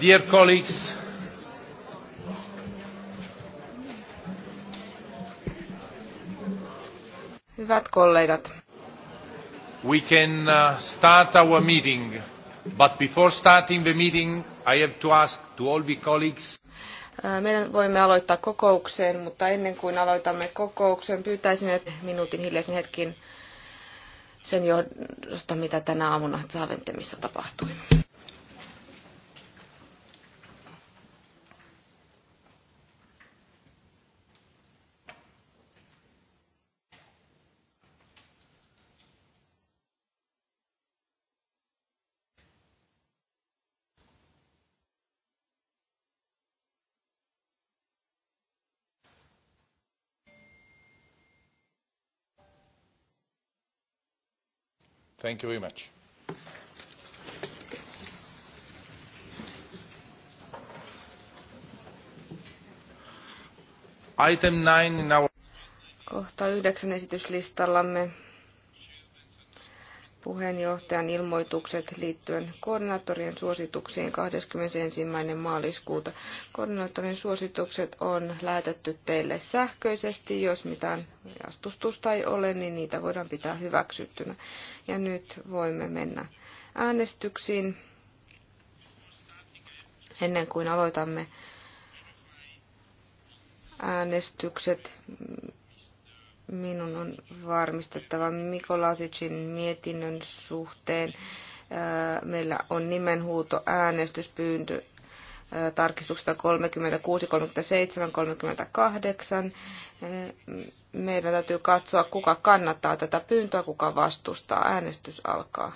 Dear colleagues, Hyvät kollegat. We can uh, start our meeting, but before starting the meeting, I have to ask to all the colleagues äh, meidän voimme aloittaa kokouksen, mutta ennen kuin aloitamme kokouksen, pyytäisin, että minuutin hiljaisen hetkin sen johdosta, mitä tänä aamuna Zaventemissa tapahtui. Thank you very much. Item 9 in our... Kohta yhdeksän esityslistallamme puheenjohtajan ilmoitukset liittyen koordinaattorien suosituksiin 21. maaliskuuta. Koordinaattorin suositukset on lähetetty teille sähköisesti. Jos mitään vastustusta ei ole, niin niitä voidaan pitää hyväksyttynä. Ja nyt voimme mennä äänestyksiin. Ennen kuin aloitamme äänestykset, minun on varmistettava Mikolasicin mietinnön suhteen. Meillä on nimenhuuto äänestyspyyntö tarkistuksesta 36, 37, 38. Meidän täytyy katsoa, kuka kannattaa tätä pyyntöä, kuka vastustaa. Äänestys alkaa.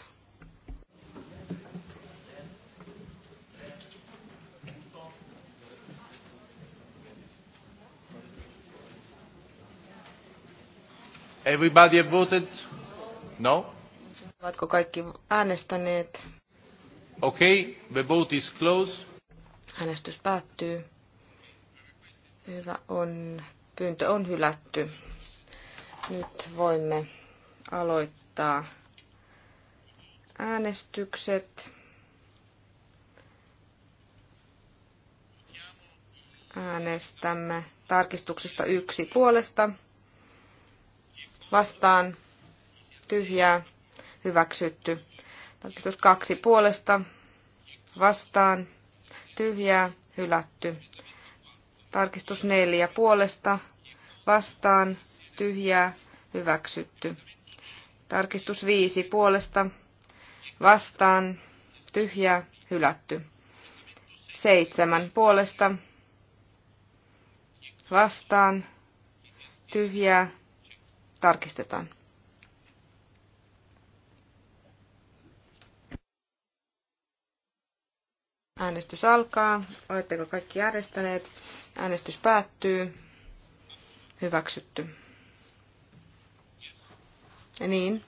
Everybody have voted? No? Ovatko kaikki äänestäneet? Okay, the vote is closed. Äänestys päättyy. Hyvä on. Pyyntö on hylätty. Nyt voimme aloittaa äänestykset. Äänestämme tarkistuksista yksi puolesta vastaan tyhjää hyväksytty. Tarkistus kaksi puolesta vastaan tyhjää hylätty. Tarkistus neljä puolesta vastaan tyhjää hyväksytty. Tarkistus viisi puolesta vastaan tyhjää hylätty. Seitsemän puolesta vastaan tyhjää tarkistetaan. Äänestys alkaa. Oletteko kaikki järjestäneet? Äänestys päättyy. Hyväksytty. Ja niin.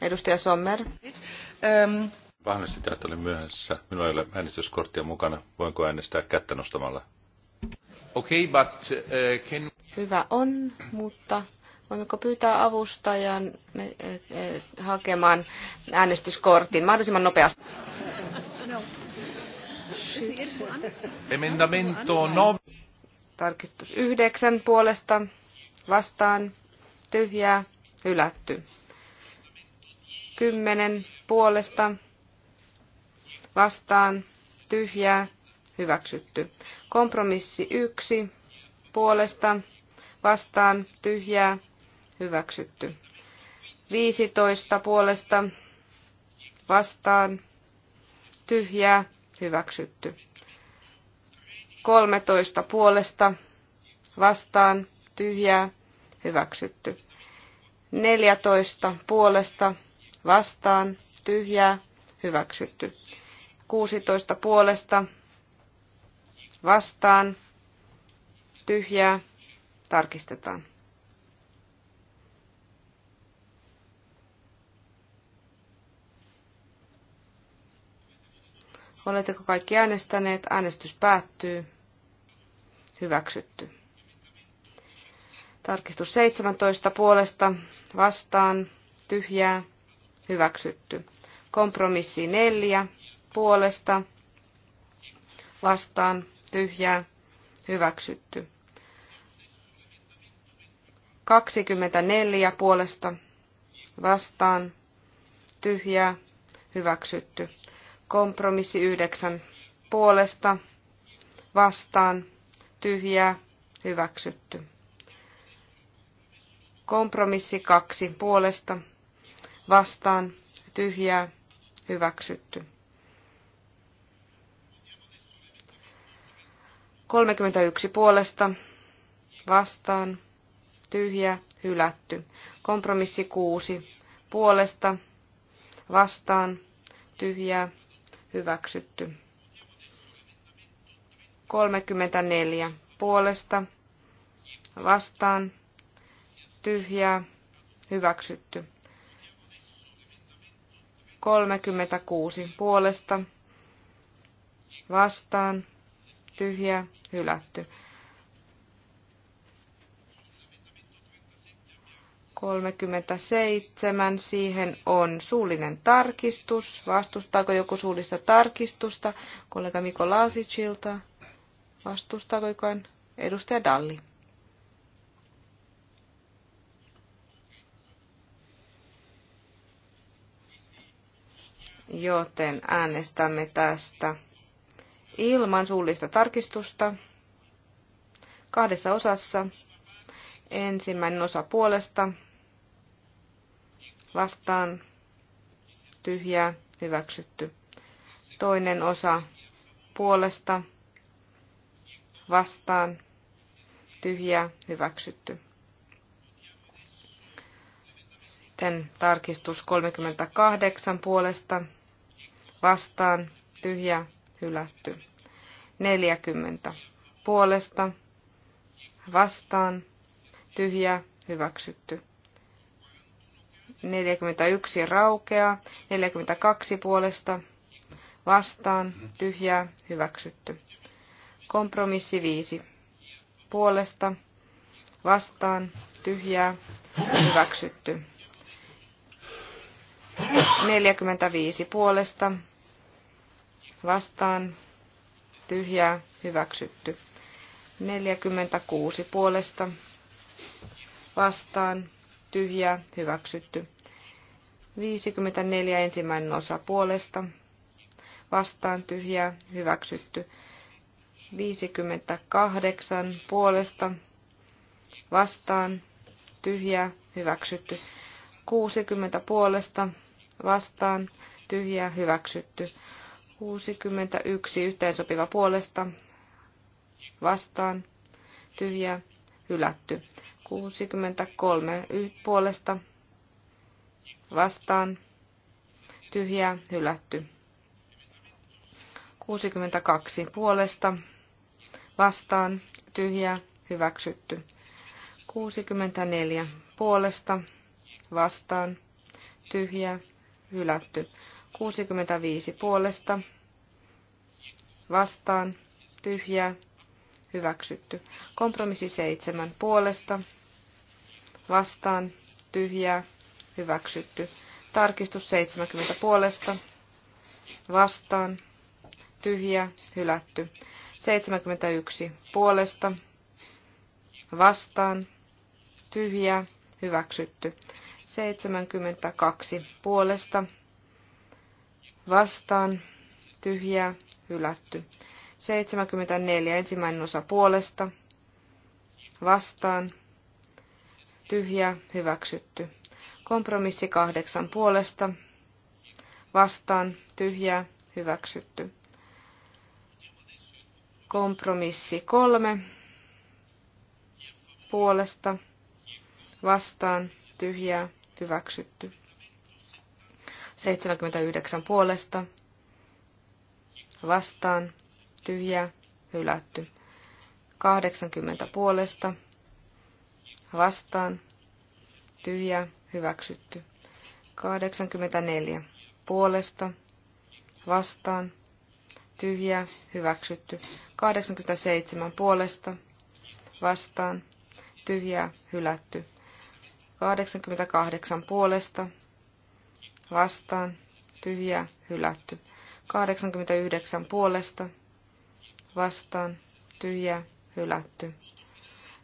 Edustaja Sommer. Öm. Ähm. sitä, että olin myöhässä. Minulla ei ole äänestyskorttia mukana. Voinko äänestää kättä nostamalla? Okay, but, uh, can... Hyvä on, mutta Voimmeko pyytää avustajan eh, eh, hakemaan äänestyskortin mahdollisimman nopeasti? Emendamento no. Tarkistus yhdeksän puolesta vastaan tyhjää hylätty. Kymmenen puolesta vastaan tyhjää hyväksytty. Kompromissi yksi puolesta vastaan tyhjää hyväksytty. 15 puolesta vastaan tyhjää hyväksytty. 13 puolesta vastaan tyhjää hyväksytty. 14 puolesta vastaan tyhjää hyväksytty. 16 puolesta vastaan tyhjää tarkistetaan. Oletteko kaikki äänestäneet? Äänestys päättyy. Hyväksytty. Tarkistus 17 puolesta vastaan tyhjää hyväksytty. Kompromissi 4 puolesta vastaan tyhjää hyväksytty. 24 puolesta vastaan tyhjää hyväksytty. Kompromissi yhdeksän puolesta vastaan tyhjää hyväksytty. Kompromissi kaksi puolesta vastaan tyhjää hyväksytty. 31 puolesta vastaan tyhjä hylätty. Kompromissi 6 puolesta vastaan tyhjää hyväksytty. 34 puolesta vastaan tyhjää hyväksytty. 36 puolesta vastaan tyhjää hylätty. 37. Siihen on suullinen tarkistus. Vastustaako joku suullista tarkistusta? Kollega Miko Lasicilta. Vastustaako jokain? Edustaja Dalli. Joten äänestämme tästä ilman suullista tarkistusta kahdessa osassa. Ensimmäinen osa puolesta vastaan tyhjää hyväksytty. Toinen osa puolesta vastaan tyhjää hyväksytty. Sitten tarkistus 38 puolesta vastaan tyhjä hylätty. 40 puolesta vastaan tyhjä hyväksytty. 41 raukea, 42 puolesta vastaan, tyhjää, hyväksytty. Kompromissi 5 puolesta vastaan, tyhjää, hyväksytty. 45 puolesta vastaan, tyhjää, hyväksytty. 46 puolesta vastaan, tyhjää, hyväksytty. 54 ensimmäinen osa puolesta, vastaan tyhjää, hyväksytty. 58 puolesta, vastaan tyhjää, hyväksytty. 60 puolesta, vastaan tyhjää, hyväksytty. 61 yhteensopiva puolesta, vastaan tyhjää, hylätty. 63 puolesta vastaan tyhjää hylätty. 62 puolesta vastaan tyhjää hyväksytty. 64 puolesta vastaan tyhjää hylätty. 65 puolesta vastaan tyhjää hyväksytty. Kompromissi 7 puolesta vastaan tyhjää hyväksytty. Tarkistus 70 puolesta vastaan tyhjää hylätty. 71 puolesta vastaan tyhjää hyväksytty. 72 puolesta vastaan tyhjää hylätty. 74 ensimmäinen osa puolesta vastaan tyhjä, hyväksytty. Kompromissi kahdeksan puolesta, vastaan, tyhjä, hyväksytty. Kompromissi kolme puolesta, vastaan, tyhjä, hyväksytty. 79 puolesta, vastaan, tyhjä, hylätty. 80 puolesta, vastaan, tyhjä hyväksytty. 84 puolesta, vastaan, tyhjä hyväksytty. 87 puolesta, vastaan, tyhjä hylätty. 88 puolesta, vastaan, tyhjä hylätty. 89 puolesta, vastaan, tyhjä hylätty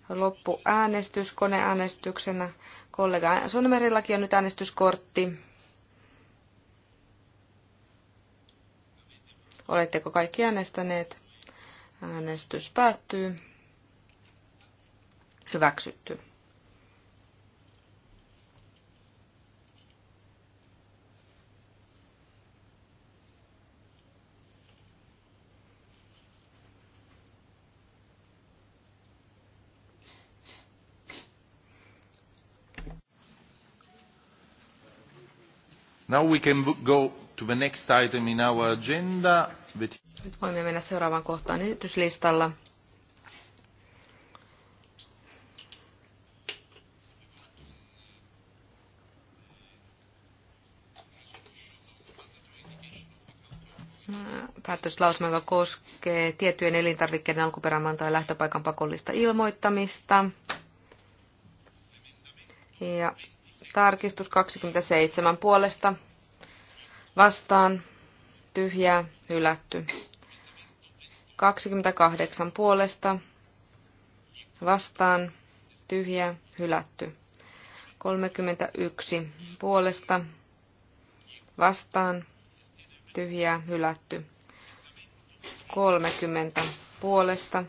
loppuäänestys koneäänestyksenä. Kollega Sonnemerillakin on nyt äänestyskortti. Oletteko kaikki äänestäneet? Äänestys päättyy. Hyväksytty. Now we can go to the next item in our agenda. Nyt voimme mennä seuraavaan kohtaan esityslistalla. Päätöslausuma, joka koskee tiettyjen elintarvikkeiden alkuperämaan tai lähtöpaikan pakollista ilmoittamista. Ja Tarkistus 27 puolesta. Vastaan. Tyhjää. Hylätty. 28 puolesta. Vastaan. Tyhjää. Hylätty. 31 puolesta. Vastaan. Tyhjää. Hylätty. 30 puolesta.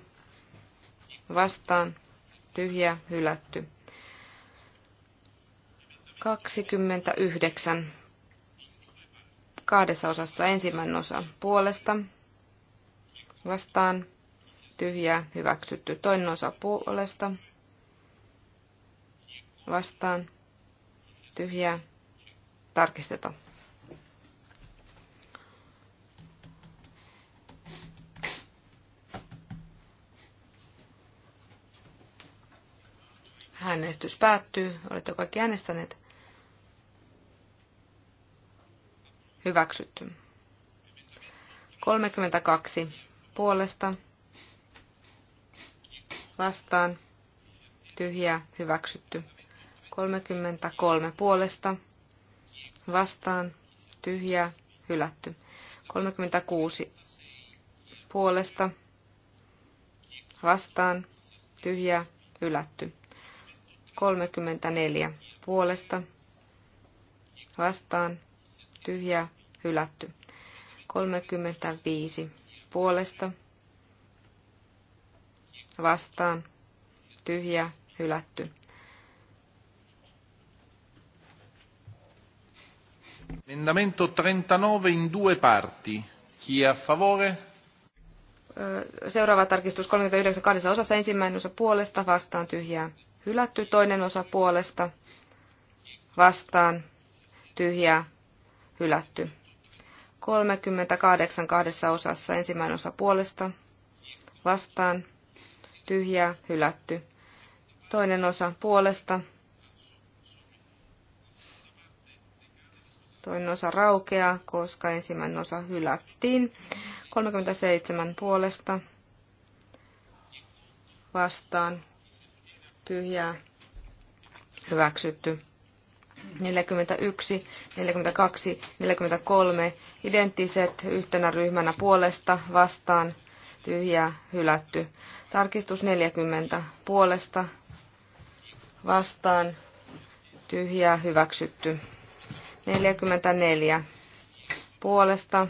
Vastaan. tyhjä Hylätty. 29 kahdessa osassa ensimmäinen osa puolesta, vastaan, tyhjää, hyväksytty. Toinen osa puolesta, vastaan, tyhjää, tarkistetaan. Äänestys päättyy. Olette kaikki äänestäneet. Hyväksytty. 32 puolesta vastaan tyhjä hyväksytty. 33 puolesta vastaan tyhjä hylätty. 36 puolesta vastaan tyhjä hylätty. 34 puolesta vastaan tyhjä hylätty. 35 puolesta vastaan tyhjä hylätty. Emendamento 39 in due parti. Chi è a favore? Seuraava tarkistus 39 kahdessa osassa. Ensimmäinen osa puolesta vastaan tyhjää hylätty. Toinen osa puolesta vastaan tyhjää hylätty. 38 kahdessa osassa ensimmäinen osa puolesta, vastaan, tyhjää, hylätty. Toinen osa puolesta, toinen osa raukeaa, koska ensimmäinen osa hylättiin. 37 puolesta, vastaan, tyhjää, hyväksytty. 41, 42, 43 identtiset yhtenä ryhmänä puolesta vastaan tyhjää hylätty. Tarkistus 40 puolesta vastaan tyhjää hyväksytty. 44 puolesta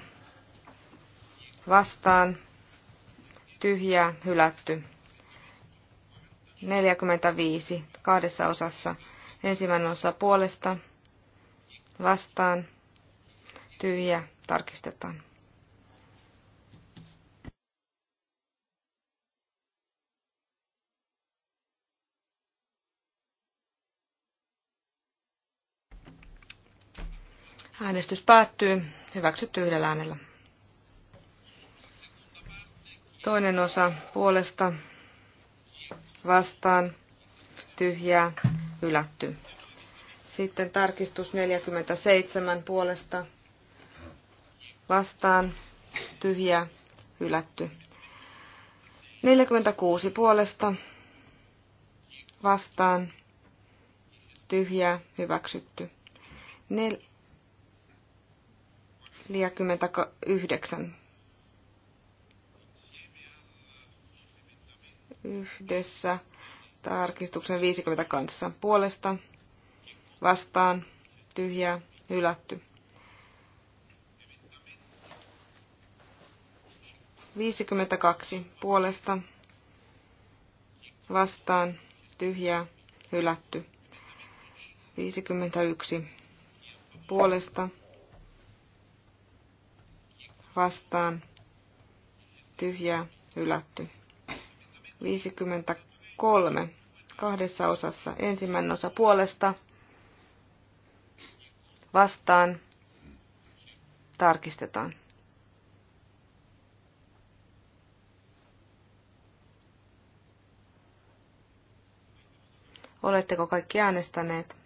vastaan tyhjää hylätty. 45 kahdessa osassa Ensimmäinen osa puolesta vastaan tyhjä tarkistetaan. Äänestys päättyy. Hyväksytty yhdellä äänellä. Toinen osa puolesta vastaan tyhjää hylätty. Sitten tarkistus 47 puolesta vastaan tyhjä hylätty. 46 puolesta vastaan tyhjä hyväksytty. 49 yhdessä Tarkistuksen 50 kanssa. Puolesta. Vastaan. Tyhjää. Hylätty. 52. Puolesta. Vastaan. Tyhjää. Hylätty. 51. Puolesta. Vastaan. Tyhjää. Hylätty. viisikymmentä kolme kahdessa osassa. Ensimmäinen osa puolesta vastaan tarkistetaan. Oletteko kaikki äänestäneet?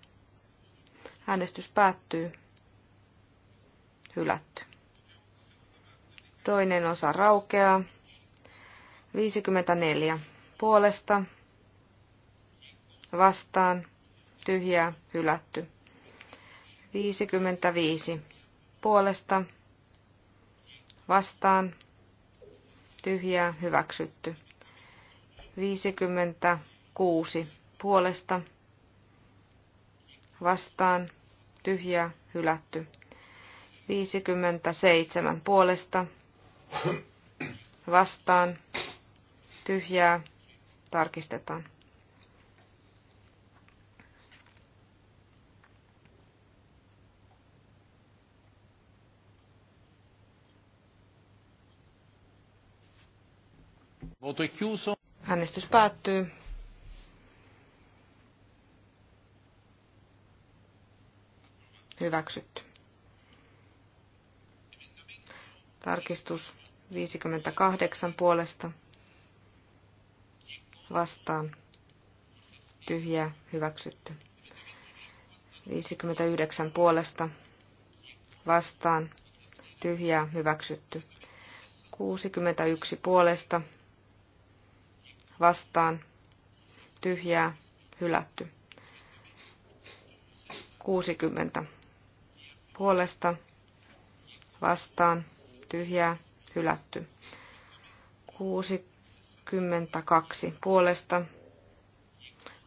Äänestys päättyy. Hylätty. Toinen osa raukeaa. 54 puolesta vastaan, tyhjää, hylätty. 55 puolesta, vastaan, tyhjää, hyväksytty. 56 puolesta, vastaan, tyhjää, hylätty. 57 puolesta, vastaan, tyhjää, tarkistetaan. Voto è chiuso. Äänestys päättyy. Hyväksytty. Tarkistus 58 puolesta. Vastaan. tyhjä. Hyväksytty. 59 puolesta. Vastaan. tyhjä. Hyväksytty. 61 puolesta vastaan tyhjää hylätty. 60 puolesta vastaan tyhjää hylätty. 62 puolesta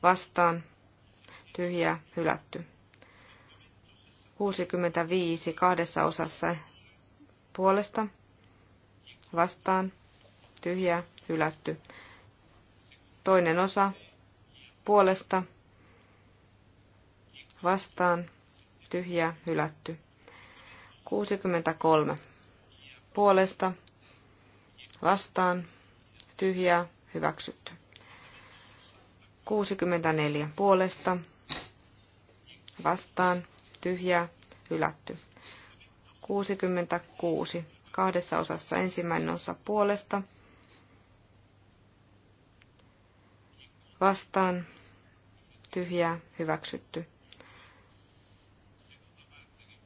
vastaan tyhjää hylätty. 65 kahdessa osassa puolesta vastaan tyhjää hylätty. Toinen osa puolesta vastaan tyhjä hylätty. 63 puolesta vastaan tyhjää hyväksytty. 64 puolesta vastaan tyhjää hylätty. 66 kahdessa osassa ensimmäinen osa puolesta vastaan tyhjää hyväksytty.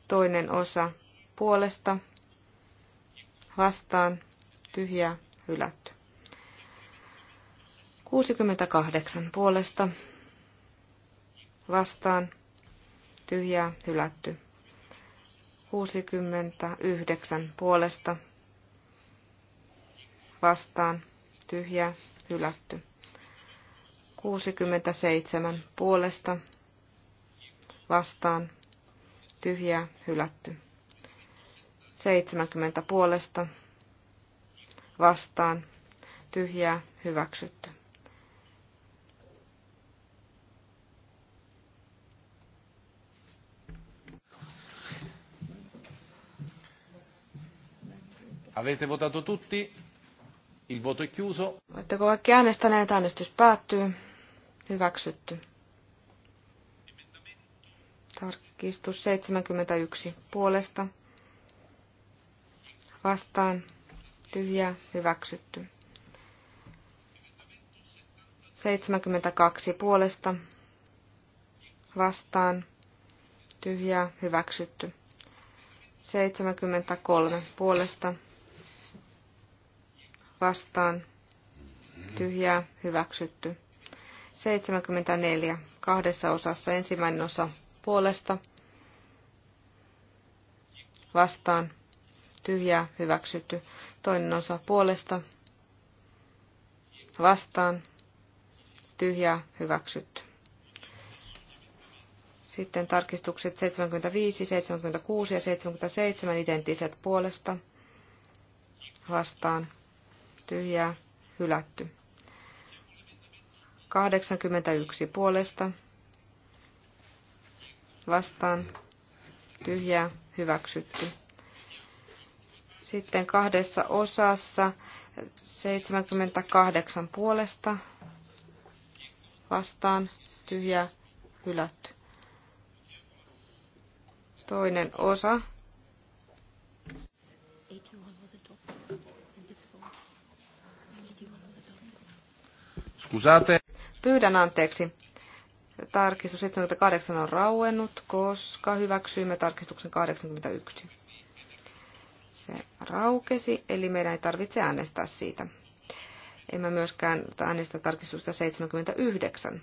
Toinen osa puolesta vastaan tyhjää hylätty. 68 puolesta vastaan tyhjää hylätty. 69 puolesta vastaan tyhjää hylätty. 67 puolesta vastaan tyhjää hylätty. 70 puolesta vastaan tyhjää hyväksytty. Avete votato tutti? Il voto è chiuso. Oletteko kaikki äänestäneet? Äänestys päättyy. Hyväksytty. Tarkistus 71 puolesta. Vastaan. tyhjä Hyväksytty. 72 puolesta. Vastaan. tyhjä Hyväksytty. 73 puolesta. Vastaan. tyhjä Hyväksytty. Seitsemänkymmentäneljä kahdessa osassa. Ensimmäinen osa puolesta vastaan tyhjää hyväksytty. Toinen osa puolesta vastaan tyhjää hyväksytty. Sitten tarkistukset 75, 76 ja 77 identtiset puolesta vastaan tyhjää hylätty. 81 puolesta vastaan tyhjää hyväksytty. Sitten kahdessa osassa 78 puolesta vastaan tyhjää hylätty. Toinen osa Scusate. Pyydän anteeksi. Tarkistus 78 on rauennut, koska hyväksyimme tarkistuksen 81. Se raukesi, eli meidän ei tarvitse äänestää siitä. Emme myöskään äänestä tarkistusta 79.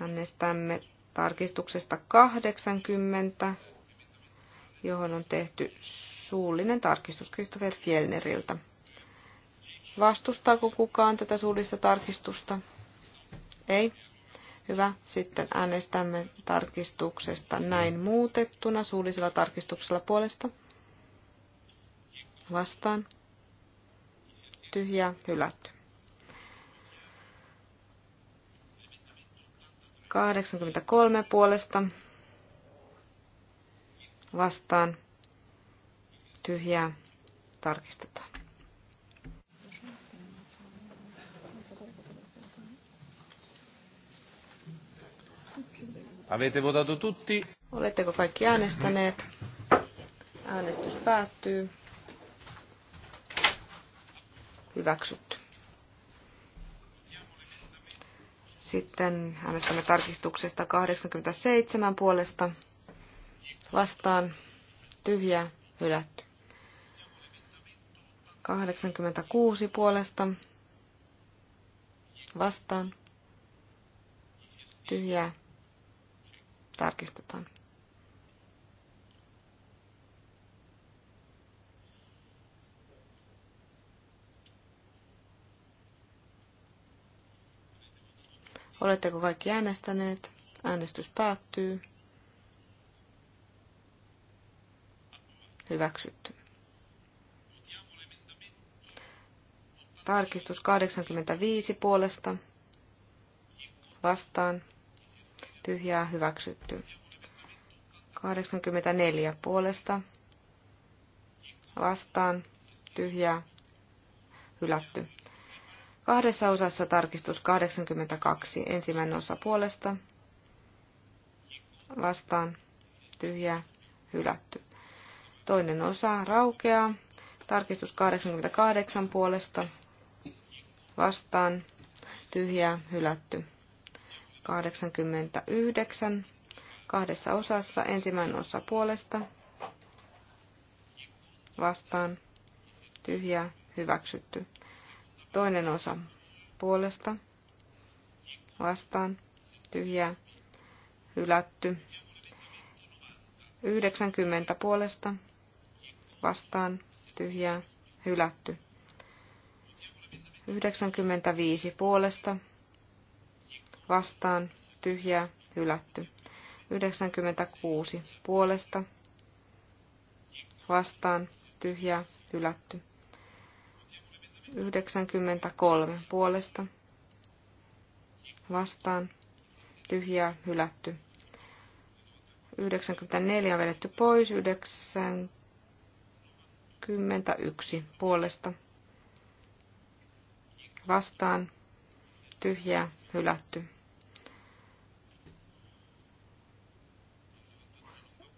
Äänestämme tarkistuksesta 80, johon on tehty suullinen tarkistus Christopher Fjellneriltä. Vastustaako kukaan tätä suullista tarkistusta? Ei. Hyvä. Sitten äänestämme tarkistuksesta näin muutettuna suullisella tarkistuksella puolesta. Vastaan. Tyhjä. Hylätty. 83 puolesta. Vastaan. Tyhjää. Tarkistetaan. Avete votato tutti? Oletteko kaikki äänestäneet? Äänestys päättyy. Hyväksytty. Sitten äänestämme tarkistuksesta 87 puolesta. Vastaan tyhjä hylätty. 86 puolesta. Vastaan tyhjää tarkistetaan. Oletteko kaikki äänestäneet? Äänestys päättyy. Hyväksytty. Tarkistus 85 puolesta. Vastaan tyhjää hyväksytty. 84 puolesta vastaan tyhjää hylätty. Kahdessa osassa tarkistus 82. Ensimmäinen osa puolesta vastaan tyhjää hylätty. Toinen osa raukeaa. Tarkistus 88 puolesta vastaan tyhjää hylätty. 89 kahdessa osassa. Ensimmäinen osa puolesta vastaan tyhjä hyväksytty. Toinen osa puolesta vastaan tyhjä hylätty. 90 puolesta vastaan tyhjä hylätty. 95 puolesta vastaan, tyhjää, hylätty. 96 puolesta, vastaan, tyhjää, hylätty. 93 puolesta, vastaan, tyhjää, hylätty. 94 on vedetty pois, 91 puolesta, vastaan, tyhjää, hylätty.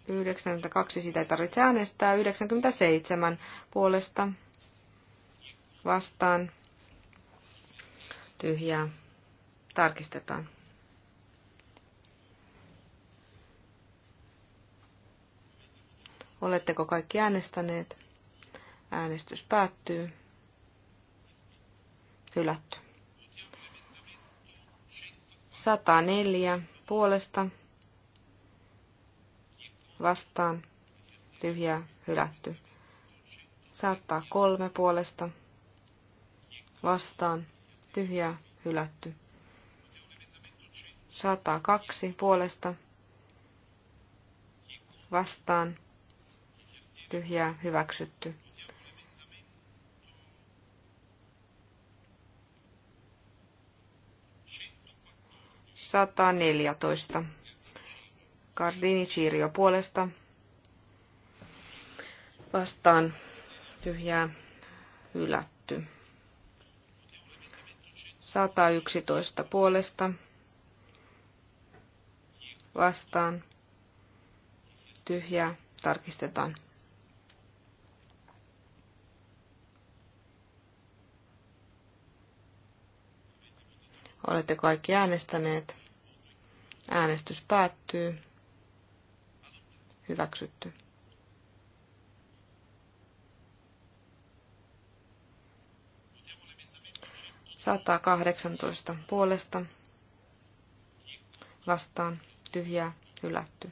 92 sitä ei tarvitse äänestää. 97 puolesta vastaan tyhjää. Tarkistetaan. Oletteko kaikki äänestäneet? Äänestys päättyy. Hylätty. 104 puolesta vastaan, tyhjää, hylätty. Saattaa kolme puolesta, vastaan, tyhjää, hylätty. Saattaa kaksi puolesta, vastaan, tyhjää, hyväksytty. Sata neljätoista Gardini Chirio puolesta vastaan tyhjää hylätty. 111 puolesta vastaan tyhjää tarkistetaan. Olette kaikki äänestäneet. Äänestys päättyy. Hyväksytty. Saattaa 18 puolesta vastaan tyhjää hylätty.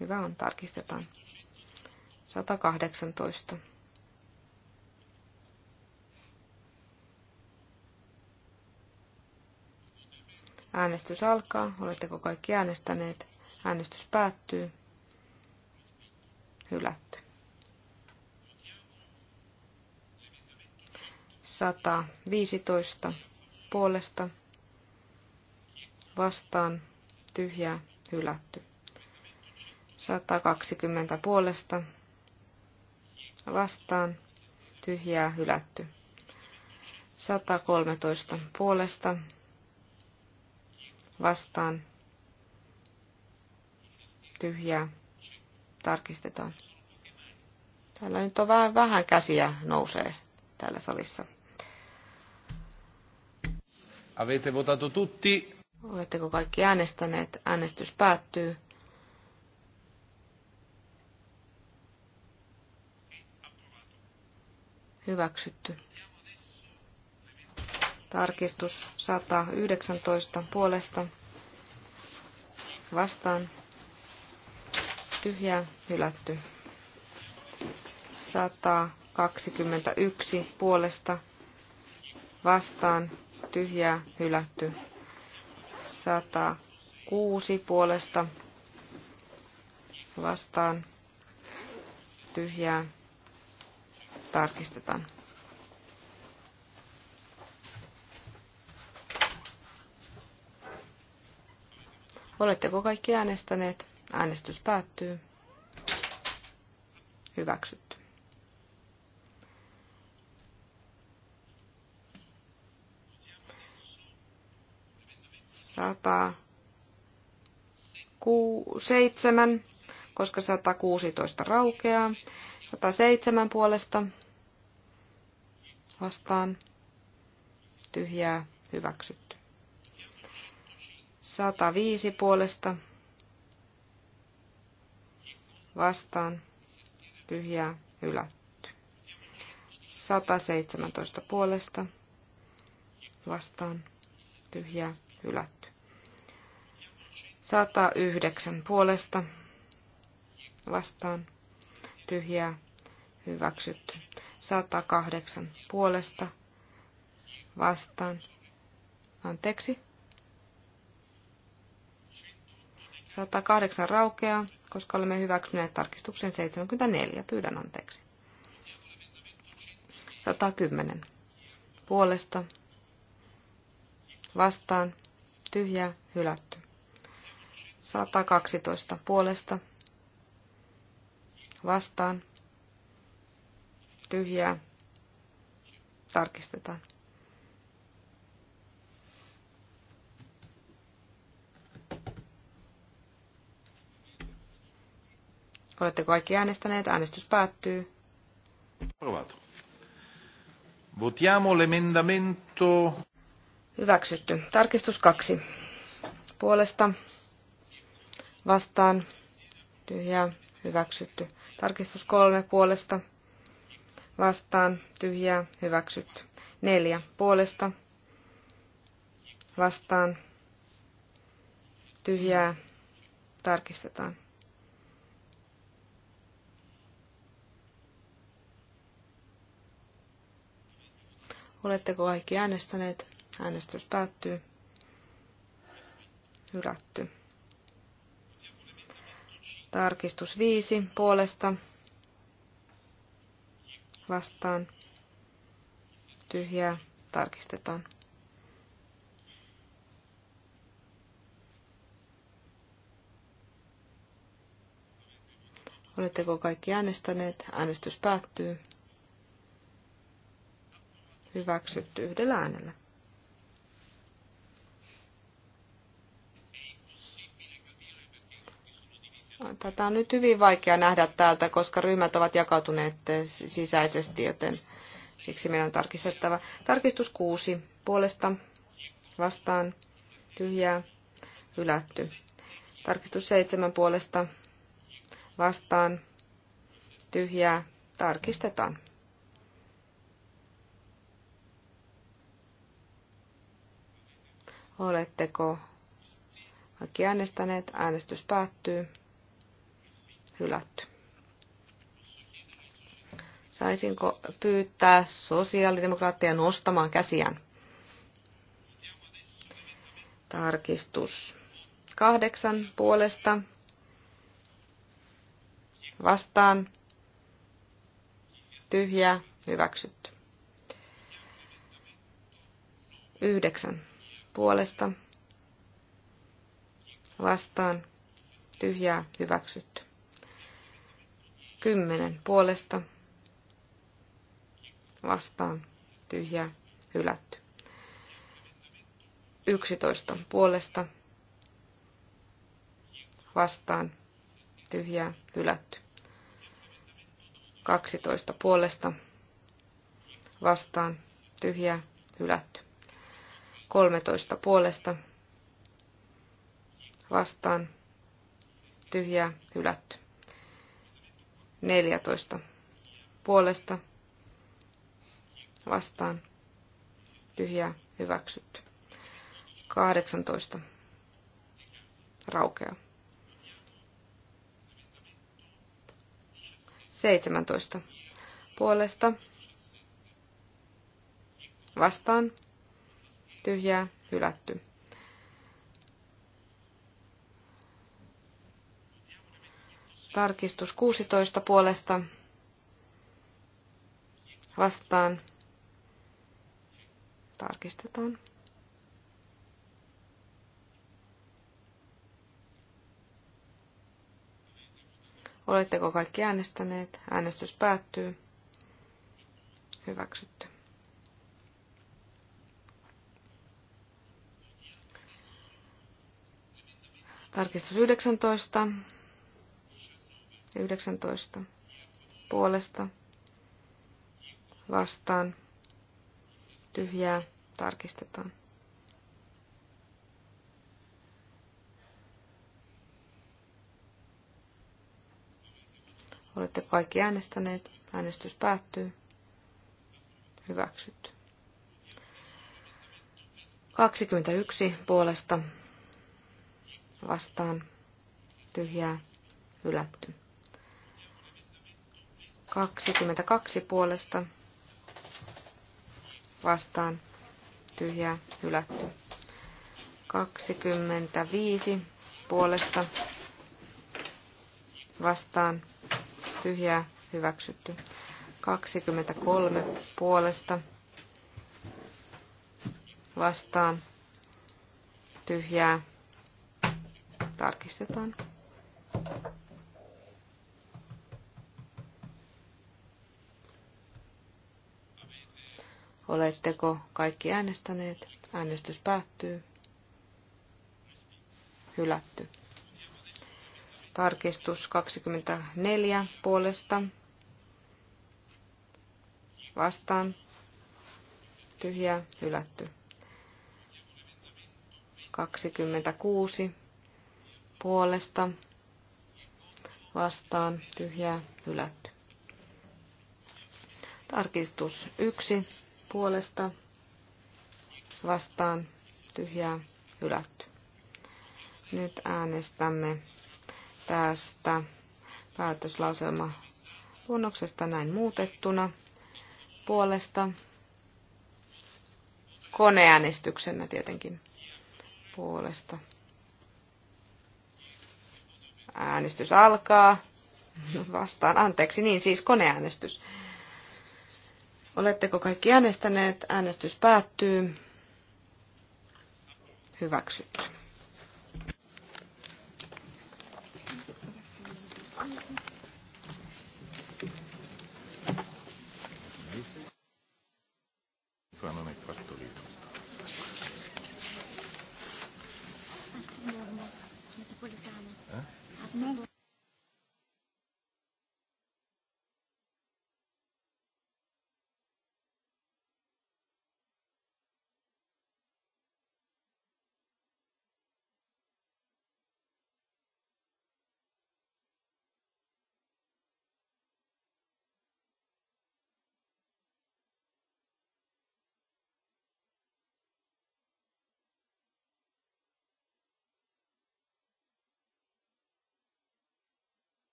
Hyvä on, tarkistetaan. 118. Äänestys alkaa. Oletteko kaikki äänestäneet? Äänestys päättyy. Hylätty. 115 puolesta vastaan tyhjää hylätty. 120 puolesta vastaan tyhjää hylätty. 113 puolesta vastaan tyhjää tarkistetaan. Täällä nyt on vähän, vähän käsiä nousee täällä salissa. Avete votato tutti. Oletteko kaikki äänestäneet? Äänestys päättyy. Hyväksytty. Tarkistus 119 puolesta. Vastaan tyhjää hylätty. 121 puolesta vastaan tyhjää hylätty. 106 puolesta vastaan tyhjää tarkistetaan. Oletteko kaikki äänestäneet? Äänestys päättyy. Hyväksytty. Sata seitsemän, koska 116 raukeaa. 107 puolesta vastaan tyhjää hyväksytty. 105 puolesta vastaan, tyhjää, hylätty. 117 puolesta, vastaan, tyhjää, hylätty. 109 puolesta, vastaan, tyhjää, hyväksytty. 108 puolesta, vastaan, anteeksi. 108 raukeaa, koska olemme hyväksyneet tarkistuksen 74. Pyydän anteeksi. 110. Puolesta. Vastaan. tyhjä Hylätty. 112. Puolesta. Vastaan. Tyhjää. Tarkistetaan. Oletteko kaikki äänestäneet? Äänestys päättyy. Provato. Votiamo l'emendamento. Hyväksytty. Tarkistus kaksi. Puolesta. Vastaan. Tyhjää. Hyväksytty. Tarkistus kolme. Puolesta. Vastaan. Tyhjää. Hyväksytty. Neljä. Puolesta. Vastaan. Tyhjää. Tarkistetaan. Oletteko kaikki äänestäneet? Äänestys päättyy. Hylätty. Tarkistus 5 puolesta. Vastaan. Tyhjää. Tarkistetaan. Oletteko kaikki äänestäneet? Äänestys päättyy hyväksytty yhdellä äänellä. Tätä on nyt hyvin vaikea nähdä täältä, koska ryhmät ovat jakautuneet sisäisesti, joten siksi meidän on tarkistettava. Tarkistus kuusi Puolesta vastaan tyhjää hylätty. Tarkistus seitsemän Puolesta vastaan tyhjää tarkistetaan. Oletteko kaikki äänestäneet? Äänestys päättyy. Hylätty. Saisinko pyytää sosiaalidemokraattia nostamaan käsiään? Tarkistus. Kahdeksan puolesta. Vastaan. Tyhjä, Hyväksytty. Yhdeksän puolesta vastaan tyhjää hyväksytty. Kymmenen puolesta vastaan tyhjää hylätty. Yksitoista puolesta vastaan tyhjää hylätty. Kaksitoista puolesta vastaan tyhjää hylätty. 13 puolesta vastaan tyhjää hylätty. 14 puolesta vastaan tyhjää hyväksytty. 18 raukea. 17 puolesta vastaan tyhjää, hylätty. Tarkistus 16 puolesta vastaan. Tarkistetaan. Oletteko kaikki äänestäneet? Äänestys päättyy. Hyväksytty. Tarkistus 19. 19. Puolesta. Vastaan. Tyhjää. Tarkistetaan. Olette kaikki äänestäneet. Äänestys päättyy. Hyväksytty. 21 puolesta vastaan tyhjää hylätty. 22 puolesta vastaan tyhjää hylätty. 25 puolesta vastaan tyhjää hyväksytty. 23 puolesta vastaan tyhjää Tarkistetaan. Oletteko kaikki äänestäneet? Äänestys päättyy. Hylätty. Tarkistus 24 puolesta. Vastaan. Tyhjä. Hylätty. 26 puolesta vastaan tyhjää hylätty. Tarkistus 1 puolesta vastaan tyhjää hylätty. Nyt äänestämme tästä päätöslauselma luonnoksesta näin muutettuna puolesta koneäänestyksenä tietenkin puolesta Äänestys alkaa. Vastaan anteeksi, niin siis koneäänestys. Oletteko kaikki äänestäneet? Äänestys päättyy. Hyväksytty.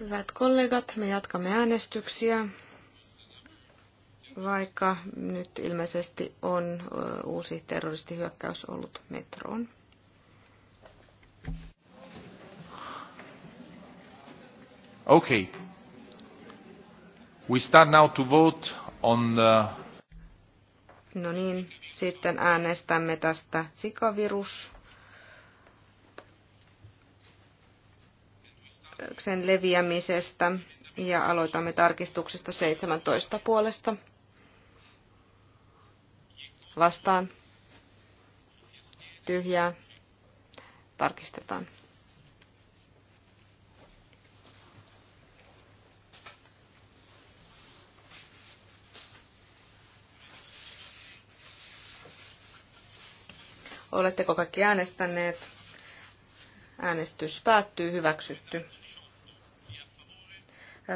Hyvät kollegat, me jatkamme äänestyksiä, vaikka nyt ilmeisesti on uusi terroristihyökkäys ollut metroon. Okay. We start now to vote on the... No niin, sitten äänestämme tästä Zika-virus sen leviämisestä ja aloitamme tarkistuksesta 17 puolesta. Vastaan. Tyhjää. Tarkistetaan. Oletteko kaikki äänestäneet? Äänestys päättyy, hyväksytty.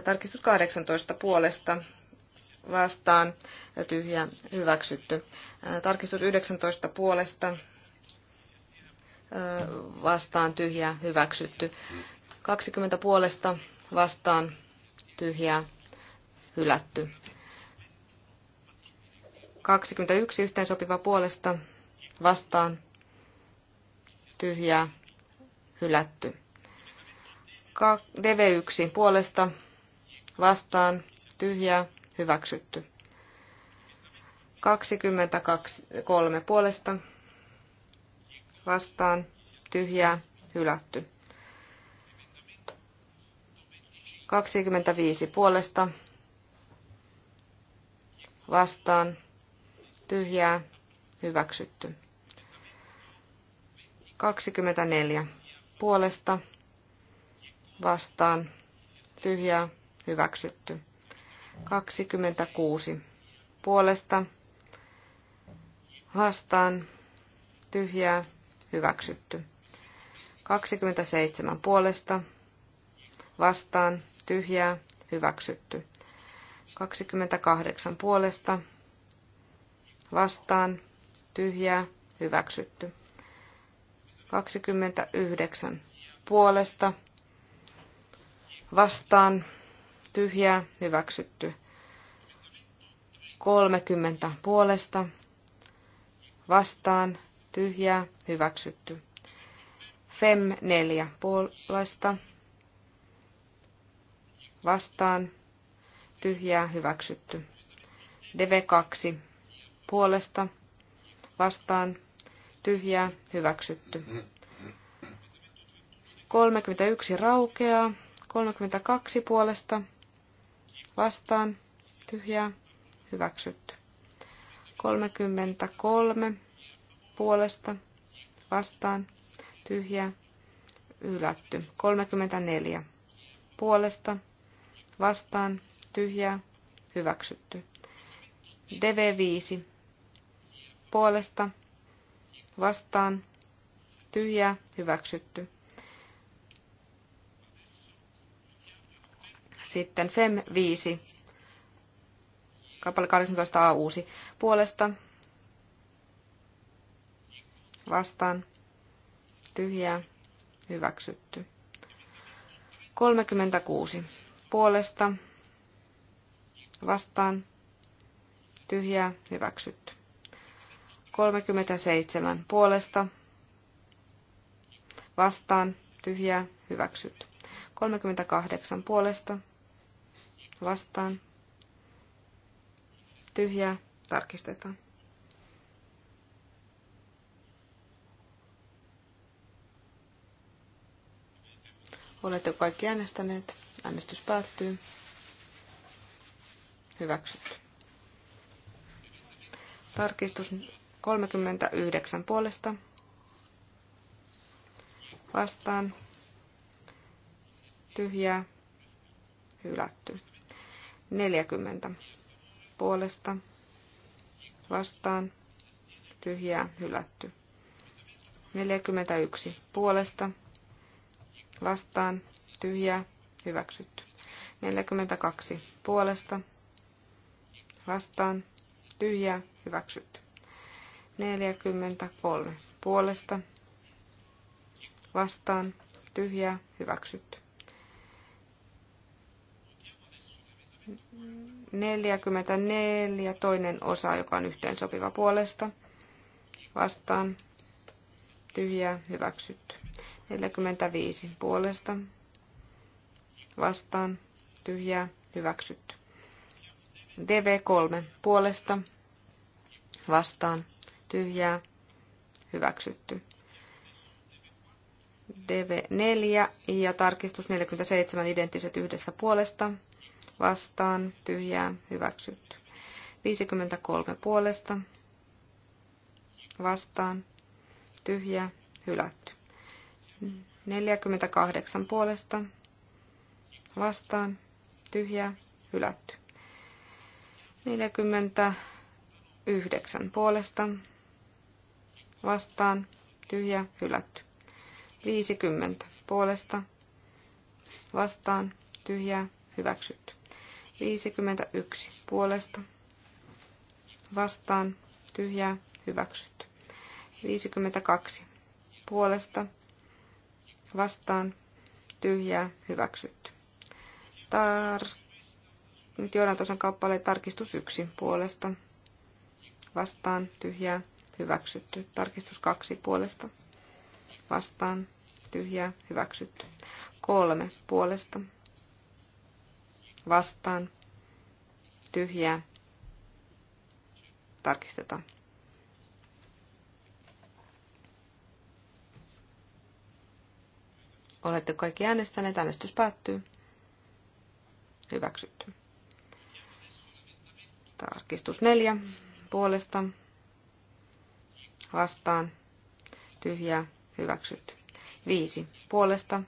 Tarkistus 18 puolesta vastaan tyhjä hyväksytty. Tarkistus 19 puolesta vastaan tyhjä hyväksytty. 20 puolesta vastaan tyhjä hylätty. 21 yhteensopiva puolesta vastaan tyhjää hylätty. DV1 puolesta vastaan, tyhjää, hyväksytty. 23 puolesta, vastaan, tyhjää, hylätty. 25 puolesta, vastaan, tyhjää, hyväksytty. 24 puolesta, vastaan, tyhjää, hyväksytty. 26 puolesta vastaan tyhjää hyväksytty. 27 puolesta vastaan tyhjää hyväksytty. 28 puolesta vastaan tyhjää hyväksytty. 29 puolesta vastaan tyhjää, hyväksytty. 30 puolesta, vastaan, tyhjää, hyväksytty. Fem 4 puolesta, vastaan, tyhjää, hyväksytty. DV2 puolesta, vastaan, tyhjää, hyväksytty. 31 raukeaa, 32 puolesta, vastaan tyhjää hyväksytty. 33 puolesta vastaan tyhjää hylätty. 34 puolesta vastaan tyhjää hyväksytty. DV5 puolesta vastaan tyhjää hyväksytty. Sitten FEM 5, kappale 18a uusi, puolesta vastaan tyhjää hyväksytty. 36 puolesta vastaan tyhjää hyväksytty. 37 puolesta vastaan tyhjää hyväksytty. 38 puolesta vastaan, tyhjää, tarkistetaan. Oletteko kaikki äänestäneet? Äänestys päättyy. Hyväksytty. Tarkistus 39 puolesta. Vastaan. Tyhjää. Hylätty. 40 puolesta vastaan tyhjää hylätty. 41 puolesta vastaan tyhjää hyväksytty. 42 puolesta vastaan tyhjää hyväksytty. 43 puolesta vastaan tyhjää hyväksytty. 44 toinen osa, joka on yhteen sopiva puolesta. Vastaan. Tyhjää. Hyväksytty. 45 puolesta. Vastaan. Tyhjää. Hyväksytty. DV3 puolesta. Vastaan. Tyhjää. Hyväksytty. DV4 ja tarkistus 47 identtiset yhdessä puolesta vastaan tyhjää hyväksytty. 53 puolesta vastaan tyhjää hylätty. 48 puolesta vastaan tyhjää hylätty. 49 puolesta vastaan tyhjä hylätty. 50 puolesta vastaan tyhjää hyväksytty. 51 puolesta vastaan tyhjää hyväksytty. 52 puolesta vastaan tyhjää hyväksytty. Tar- Nyt Joonatosan kappale tarkistus 1 puolesta vastaan tyhjää hyväksytty. Tarkistus 2 puolesta vastaan tyhjää hyväksytty. 3 puolesta vastaan, tyhjää, tarkistetaan. Olette kaikki äänestäneet, äänestys päättyy. Hyväksytty. Tarkistus neljä puolesta vastaan tyhjää hyväksytty. Viisi puolesta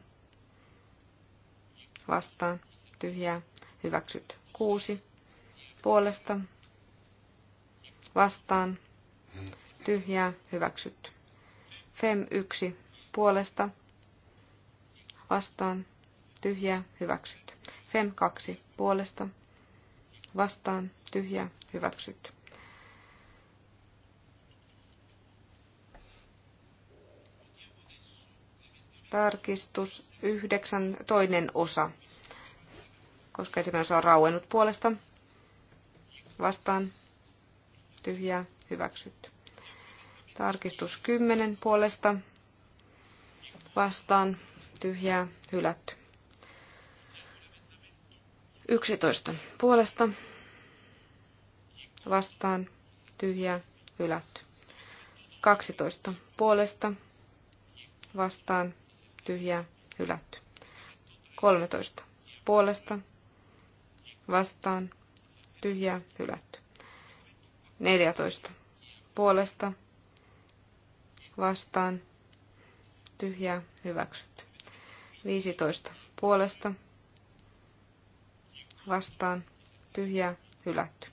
vastaan tyhjää Hyväksyt Kuusi puolesta vastaan tyhjää hyväksyt Fem yksi puolesta vastaan tyhjää hyväksyt Fem kaksi puolesta vastaan tyhjää hyväksyt Tarkistus yhdeksän toinen osa koska esimerkiksi on rauennut puolesta. Vastaan. Tyhjää. Hyväksytty. Tarkistus 10 puolesta. Vastaan. Tyhjää. Hylätty. 11 puolesta. Vastaan. Tyhjää. Hylätty. 12 puolesta. Vastaan. Tyhjää. Hylätty. 13 puolesta vastaan, tyhjää, hylätty. 14 puolesta, vastaan, tyhjää, hyväksytty. 15 puolesta, vastaan, tyhjää, hylätty.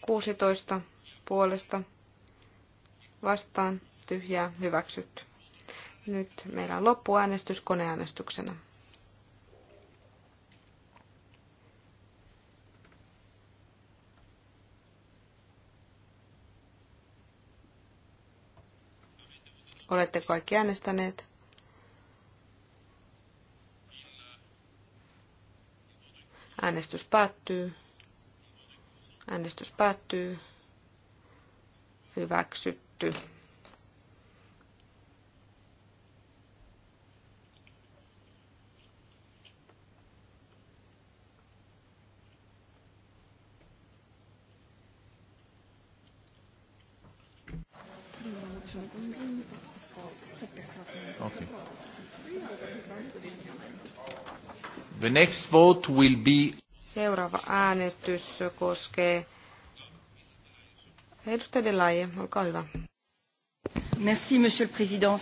16 puolesta, vastaan, tyhjää, hyväksytty. Nyt meillä on loppuäänestys koneäänestyksenä. Olette kaikki äänestäneet? Äänestys päättyy. Äänestys päättyy. Hyväksytty. The next vote will be... Seuraava äänestys koskee... Edustaja Delaye, olkaa hyvä. Merci, monsieur le président.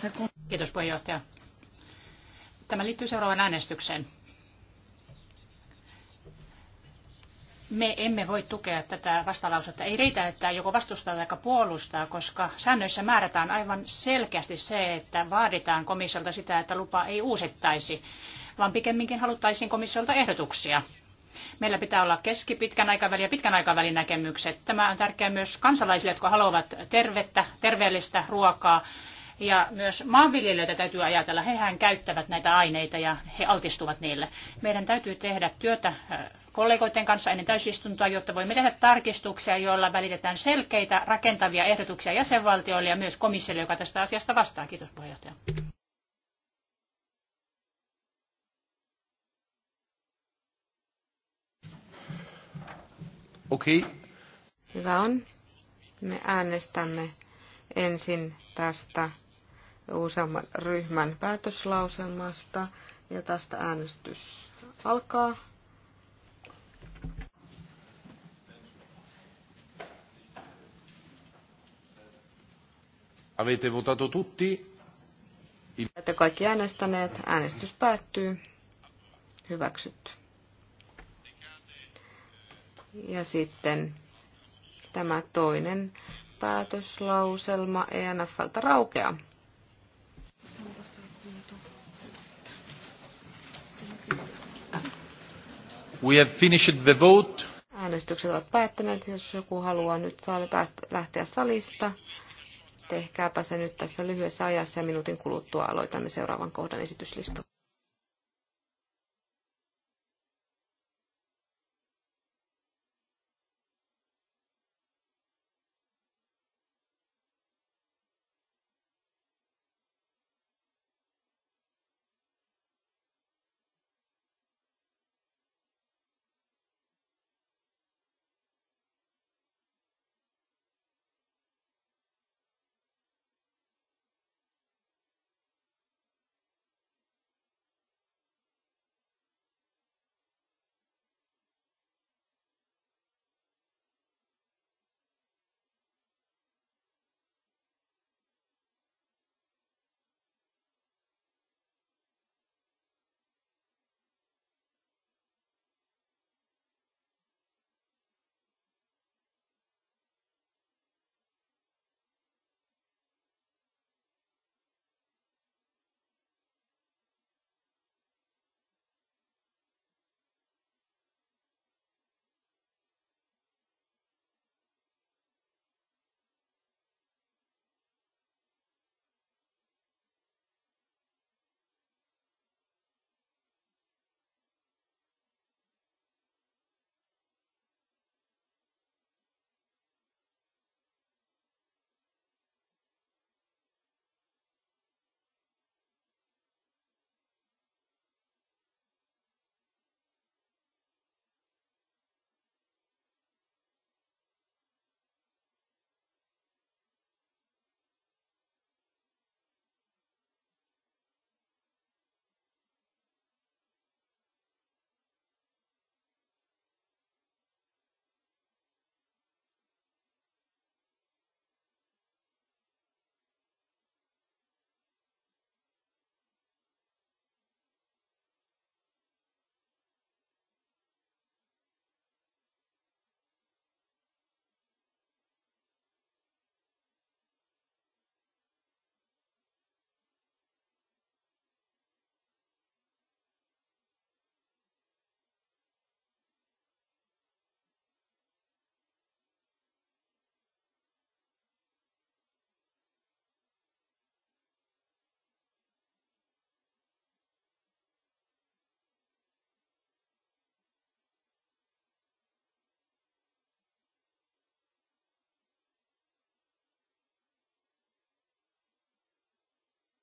Kiitos puheenjohtaja. Tämä liittyy seuraavaan äänestykseen. Me emme voi tukea tätä vastalausetta. Ei riitä, että joko vastustaa tai puolustaa, koska säännöissä määrätään aivan selkeästi se, että vaaditaan komissiolta sitä, että lupa ei uusittaisi vaan pikemminkin haluttaisiin komissiolta ehdotuksia. Meillä pitää olla keskipitkän aikavälin ja pitkän aikavälin näkemykset. Tämä on tärkeää myös kansalaisille, jotka haluavat tervettä, terveellistä ruokaa. Ja myös maanviljelijöitä täytyy ajatella. Hehän käyttävät näitä aineita ja he altistuvat niille. Meidän täytyy tehdä työtä kollegoiden kanssa ennen täysistuntoa, jotta voimme tehdä tarkistuksia, joilla välitetään selkeitä rakentavia ehdotuksia jäsenvaltioille ja myös komissiolle, joka tästä asiasta vastaa. Kiitos puheenjohtaja. Okei. Okay. Hyvä on. Me äänestämme ensin tästä useamman ryhmän päätöslauselmasta ja tästä äänestys alkaa. Avete votato tutti? Olette kaikki äänestäneet. Äänestys päättyy. Hyväksytty. Ja sitten tämä toinen päätöslauselma ENFltä raukeaa. We have finished the vote. Äänestykset ovat päättäneet. Jos joku haluaa nyt päästä, lähteä salista, tehkääpä se nyt tässä lyhyessä ajassa ja minuutin kuluttua aloitamme seuraavan kohdan esityslistan.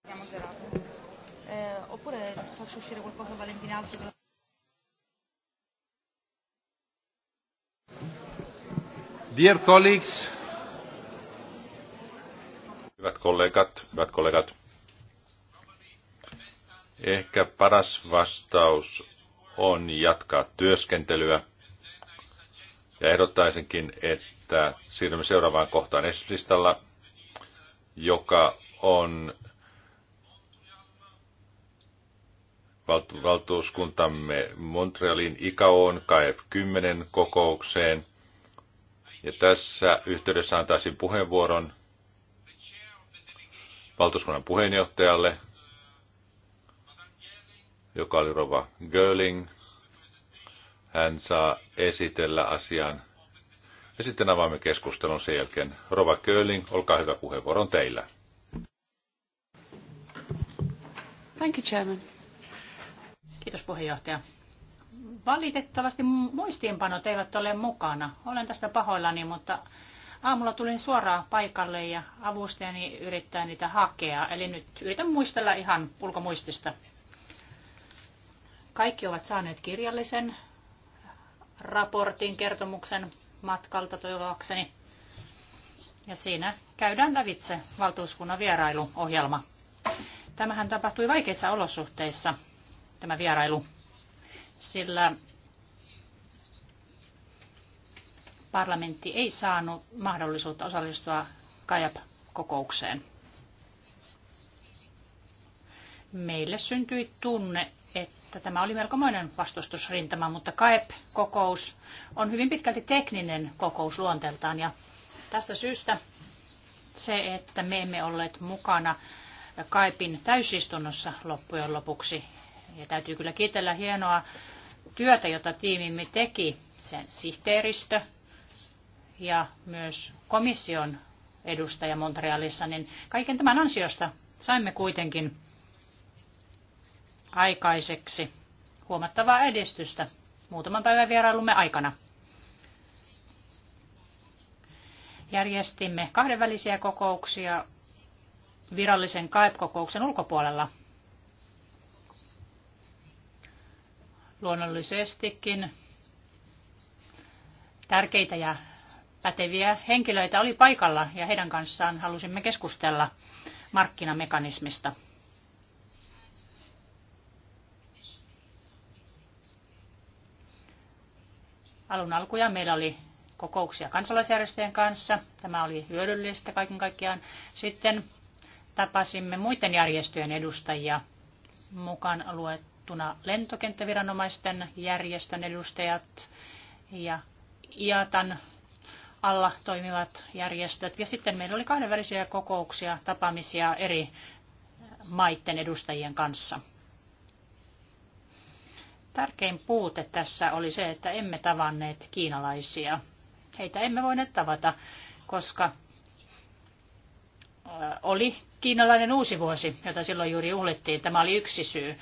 Siamo gelati. Eh, oppure faccio uscire qualcosa a Valentina Alto. Per... Dear colleagues. Hyvät kollegat, hyvät kollegat. Ehkä paras vastaus on jatkaa työskentelyä. Ja ehdottaisinkin, että siirrymme seuraavaan kohtaan esityslistalla, joka on valtuuskuntamme Montrealin ICAOn KF10 kokoukseen. Ja tässä yhteydessä antaisin puheenvuoron valtuuskunnan puheenjohtajalle, joka oli Rova Görling. Hän saa esitellä asian. Ja sitten avaamme keskustelun sen jälkeen. Rova Görling, olkaa hyvä, puheenvuoron teillä. Thank you, Chairman. Kiitos puheenjohtaja. Valitettavasti muistiinpanot eivät ole mukana. Olen tästä pahoillani, mutta aamulla tulin suoraan paikalle ja avustajani yrittää niitä hakea. Eli nyt yritän muistella ihan ulkomuistista. Kaikki ovat saaneet kirjallisen raportin kertomuksen matkalta toivoakseni. Ja siinä käydään lävitse valtuuskunnan vierailuohjelma. Tämähän tapahtui vaikeissa olosuhteissa – tämä vierailu, sillä parlamentti ei saanut mahdollisuutta osallistua Kajap-kokoukseen. Meille syntyi tunne, että tämä oli melkomoinen vastustusrintama, mutta kaep kokous on hyvin pitkälti tekninen kokous luonteeltaan ja tästä syystä se, että me emme olleet mukana Kaipin täysistunnossa loppujen lopuksi ja täytyy kyllä kiitellä hienoa työtä, jota tiimimme teki, sen sihteeristö ja myös komission edustaja Montrealissa, niin kaiken tämän ansiosta saimme kuitenkin aikaiseksi huomattavaa edistystä muutaman päivän vierailumme aikana. Järjestimme kahdenvälisiä kokouksia virallisen kaep ulkopuolella luonnollisestikin tärkeitä ja päteviä henkilöitä oli paikalla ja heidän kanssaan halusimme keskustella markkinamekanismista. Alun alkuja meillä oli kokouksia kansalaisjärjestöjen kanssa. Tämä oli hyödyllistä kaiken kaikkiaan. Sitten tapasimme muiden järjestöjen edustajia mukaan luettu edustettuna lentokenttäviranomaisten järjestön edustajat ja IATAN alla toimivat järjestöt. Ja sitten meillä oli kahdenvälisiä kokouksia, tapaamisia eri maiden edustajien kanssa. Tärkein puute tässä oli se, että emme tavanneet kiinalaisia. Heitä emme voineet tavata, koska oli kiinalainen uusi vuosi, jota silloin juuri juhlittiin. Tämä oli yksi syy.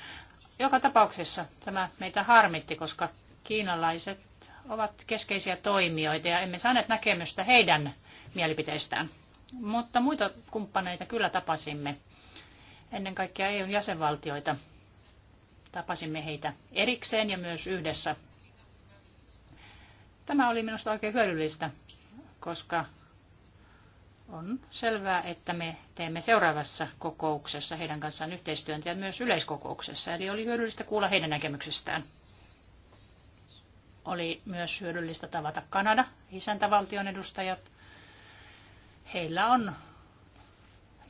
Joka tapauksessa tämä meitä harmitti, koska kiinalaiset ovat keskeisiä toimijoita ja emme saaneet näkemystä heidän mielipiteistään. Mutta muita kumppaneita kyllä tapasimme. Ennen kaikkea EUn jäsenvaltioita tapasimme heitä erikseen ja myös yhdessä. Tämä oli minusta oikein hyödyllistä, koska on selvää, että me teemme seuraavassa kokouksessa heidän kanssaan yhteistyöntä ja myös yleiskokouksessa. Eli oli hyödyllistä kuulla heidän näkemyksistään. Oli myös hyödyllistä tavata Kanada, isäntävaltion edustajat. Heillä on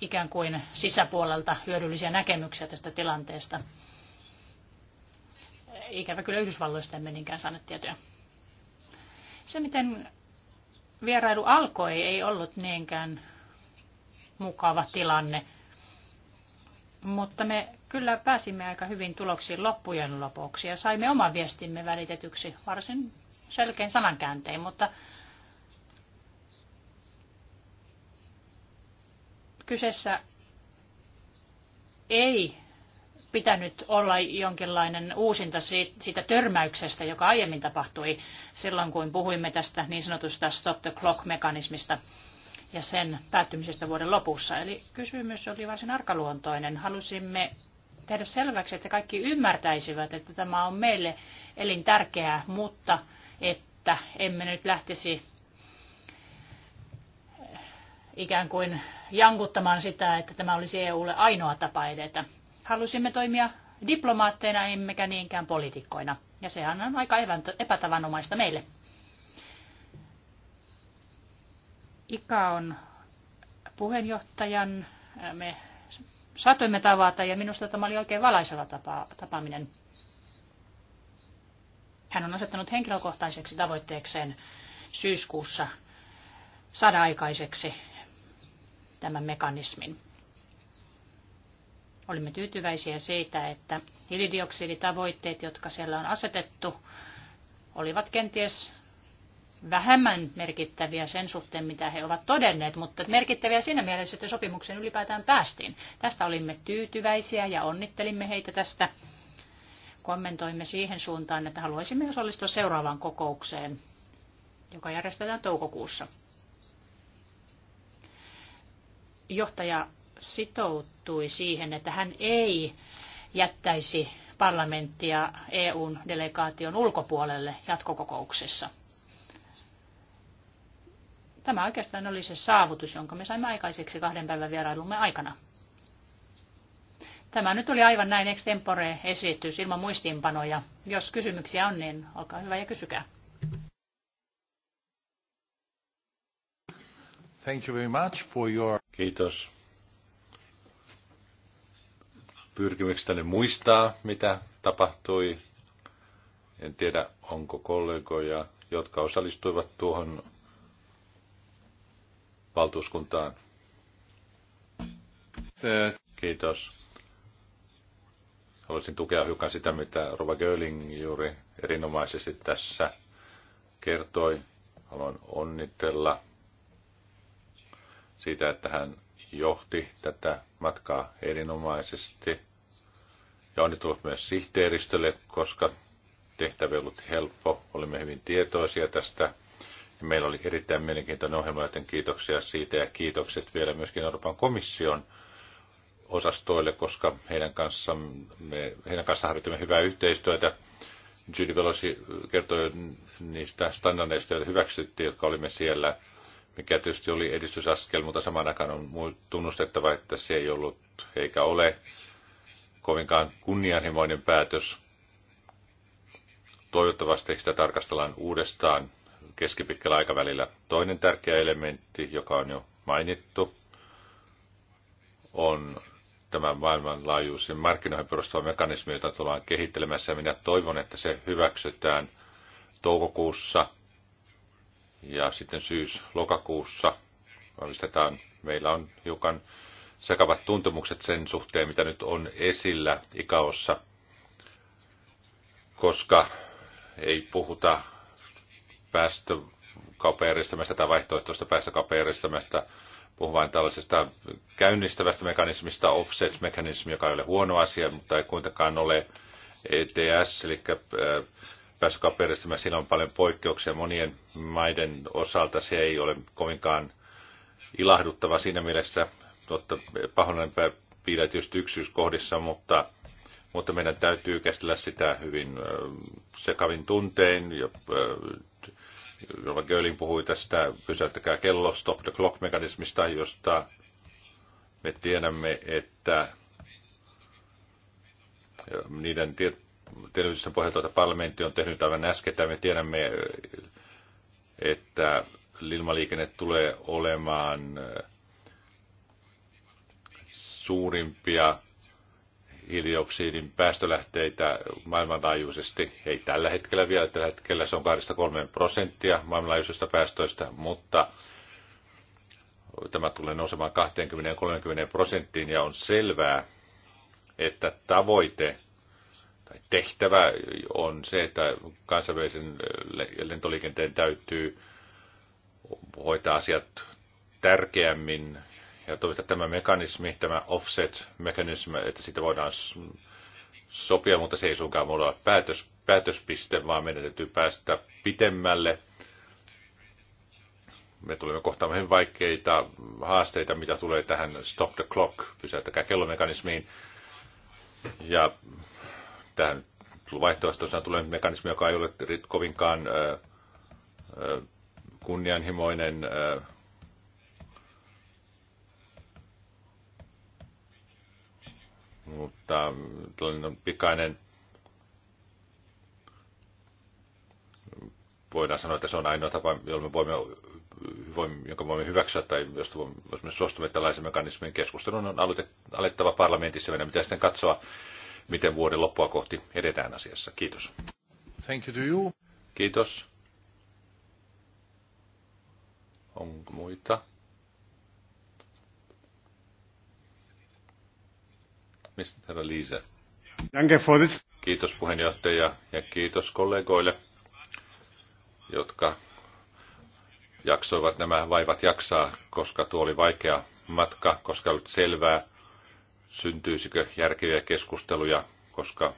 ikään kuin sisäpuolelta hyödyllisiä näkemyksiä tästä tilanteesta. Ikävä kyllä Yhdysvalloista emme niinkään saaneet tietoja. Se, miten vierailu alkoi, ei ollut niinkään mukava tilanne. Mutta me kyllä pääsimme aika hyvin tuloksiin loppujen lopuksi ja saimme oman viestimme välitetyksi varsin selkein sanankääntein, mutta kyseessä ei pitänyt olla jonkinlainen uusinta siitä törmäyksestä, joka aiemmin tapahtui silloin, kun puhuimme tästä niin sanotusta stop the clock-mekanismista ja sen päättymisestä vuoden lopussa. Eli kysymys oli varsin arkaluontoinen. Halusimme tehdä selväksi, että kaikki ymmärtäisivät, että tämä on meille elintärkeää, mutta että emme nyt lähtisi ikään kuin jankuttamaan sitä, että tämä olisi EUlle ainoa tapa edetä. Halusimme toimia diplomaatteina emmekä niinkään poliitikkoina. Ja sehän on aika epätavanomaista meille. Ika on puheenjohtajan. Me saatoimme tavata ja minusta tämä oli oikein valaiseva tapa, tapaaminen. Hän on asettanut henkilökohtaiseksi tavoitteekseen syyskuussa saada aikaiseksi tämän mekanismin. Olimme tyytyväisiä siitä, että hiilidioksiditavoitteet, jotka siellä on asetettu, olivat kenties vähemmän merkittäviä sen suhteen, mitä he ovat todenneet, mutta merkittäviä siinä mielessä, että sopimuksen ylipäätään päästiin. Tästä olimme tyytyväisiä ja onnittelimme heitä tästä. Kommentoimme siihen suuntaan, että haluaisimme osallistua seuraavaan kokoukseen, joka järjestetään toukokuussa. Johtaja sitoutui siihen, että hän ei jättäisi parlamenttia EUn delegaation ulkopuolelle jatkokokouksessa. Tämä oikeastaan oli se saavutus, jonka me saimme aikaiseksi kahden päivän vierailumme aikana. Tämä nyt oli aivan näin extempore esitys ilman muistiinpanoja. Jos kysymyksiä on, niin olkaa hyvä ja kysykää. Thank you very much for your... Kiitos ne muistaa, mitä tapahtui. En tiedä, onko kollegoja, jotka osallistuivat tuohon valtuuskuntaan. Kiitos. Haluaisin tukea hiukan sitä, mitä Rova Göling juuri erinomaisesti tässä kertoi. Haluan onnitella siitä, että hän johti tätä matkaa erinomaisesti. Ja onnittelut myös sihteeristölle, koska tehtävä ei ollut helppo. Olimme hyvin tietoisia tästä. Ja meillä oli erittäin mielenkiintoinen ohjelma, joten kiitoksia siitä ja kiitokset vielä myöskin Euroopan komission osastoille, koska heidän kanssaan, me, heidän kanssa harjoitimme hyvää yhteistyötä. Judy Velosi kertoi niistä standardeista, joita hyväksyttiin, jotka olimme siellä mikä tietysti oli edistysaskel, mutta saman aikaan on tunnustettava, että se ei ollut eikä ole kovinkaan kunnianhimoinen päätös. Toivottavasti sitä tarkastellaan uudestaan keskipitkällä aikavälillä. Toinen tärkeä elementti, joka on jo mainittu, on tämä maailmanlaajuisen markkinoihin perustuva mekanismi, jota tullaan kehittelemässä. Minä toivon, että se hyväksytään toukokuussa – ja sitten syys-lokakuussa valmistetaan. Meillä on hiukan sekavat tuntemukset sen suhteen, mitä nyt on esillä ikaossa, koska ei puhuta päästökaupajärjestelmästä tai vaihtoehtoista päästökaupajärjestelmästä, puhun vain tällaisesta käynnistävästä mekanismista, offset-mekanismi, joka ei ole huono asia, mutta ei kuitenkaan ole ETS, eli äh, pääsykauppajärjestelmä, siinä on paljon poikkeuksia. Monien maiden osalta se ei ole kovinkaan ilahduttava siinä mielessä, totta pahoinen piirrät tietysti yksityiskohdissa, mutta, mutta meidän täytyy käsitellä sitä hyvin sekavin tuntein. Jolla Jolva Göling puhui tästä pysäyttäkää kello, stop the clock-mekanismista, josta me tiedämme, että niiden televisiosta pohjalta, että parlamentti on tehnyt aivan äskettäin. Me tiedämme, että ilmaliikenne tulee olemaan äh, suurimpia hiilidioksidin päästölähteitä maailmanlaajuisesti. Ei tällä hetkellä vielä, tällä hetkellä se on 2-3 prosenttia maailmanlaajuisista päästöistä, mutta tämä tulee nousemaan 20-30 prosenttiin ja on selvää, että tavoite tai tehtävä on se, että kansainvälisen eh, lentoliikenteen täytyy hoitaa asiat tärkeämmin. Ja toivottavasti tämä mekanismi, tämä offset-mekanismi, että sitä voidaan sopia, mutta se ei suinkaan voi olla päätös, päätöspiste, vaan meidän täytyy päästä pitemmälle. Me tulemme kohtaamaan hyvin vaikeita haasteita, mitä tulee tähän stop the clock, pysäyttäkää kellomekanismiin. Ja tähän vaihtoehtoisena tulee mekanismi, joka ei ole kovinkaan kunnianhimoinen mutta tällainen pikainen, voidaan sanoa, että se on ainoa tapa, jolla me voimme, voimme jonka voimme hyväksyä tai josta voimme, jos me suostumme tällaisen mekanismin keskustelun, on alettava parlamentissa. Meidän pitää sitten katsoa, miten vuoden loppua kohti edetään asiassa. Kiitos. Thank you to you. Kiitos. Onko muita? Mr. Liise. Kiitos puheenjohtaja ja kiitos kollegoille, jotka jaksoivat nämä vaivat jaksaa, koska tuo oli vaikea matka, koska oli selvää, syntyisikö järkeviä keskusteluja, koska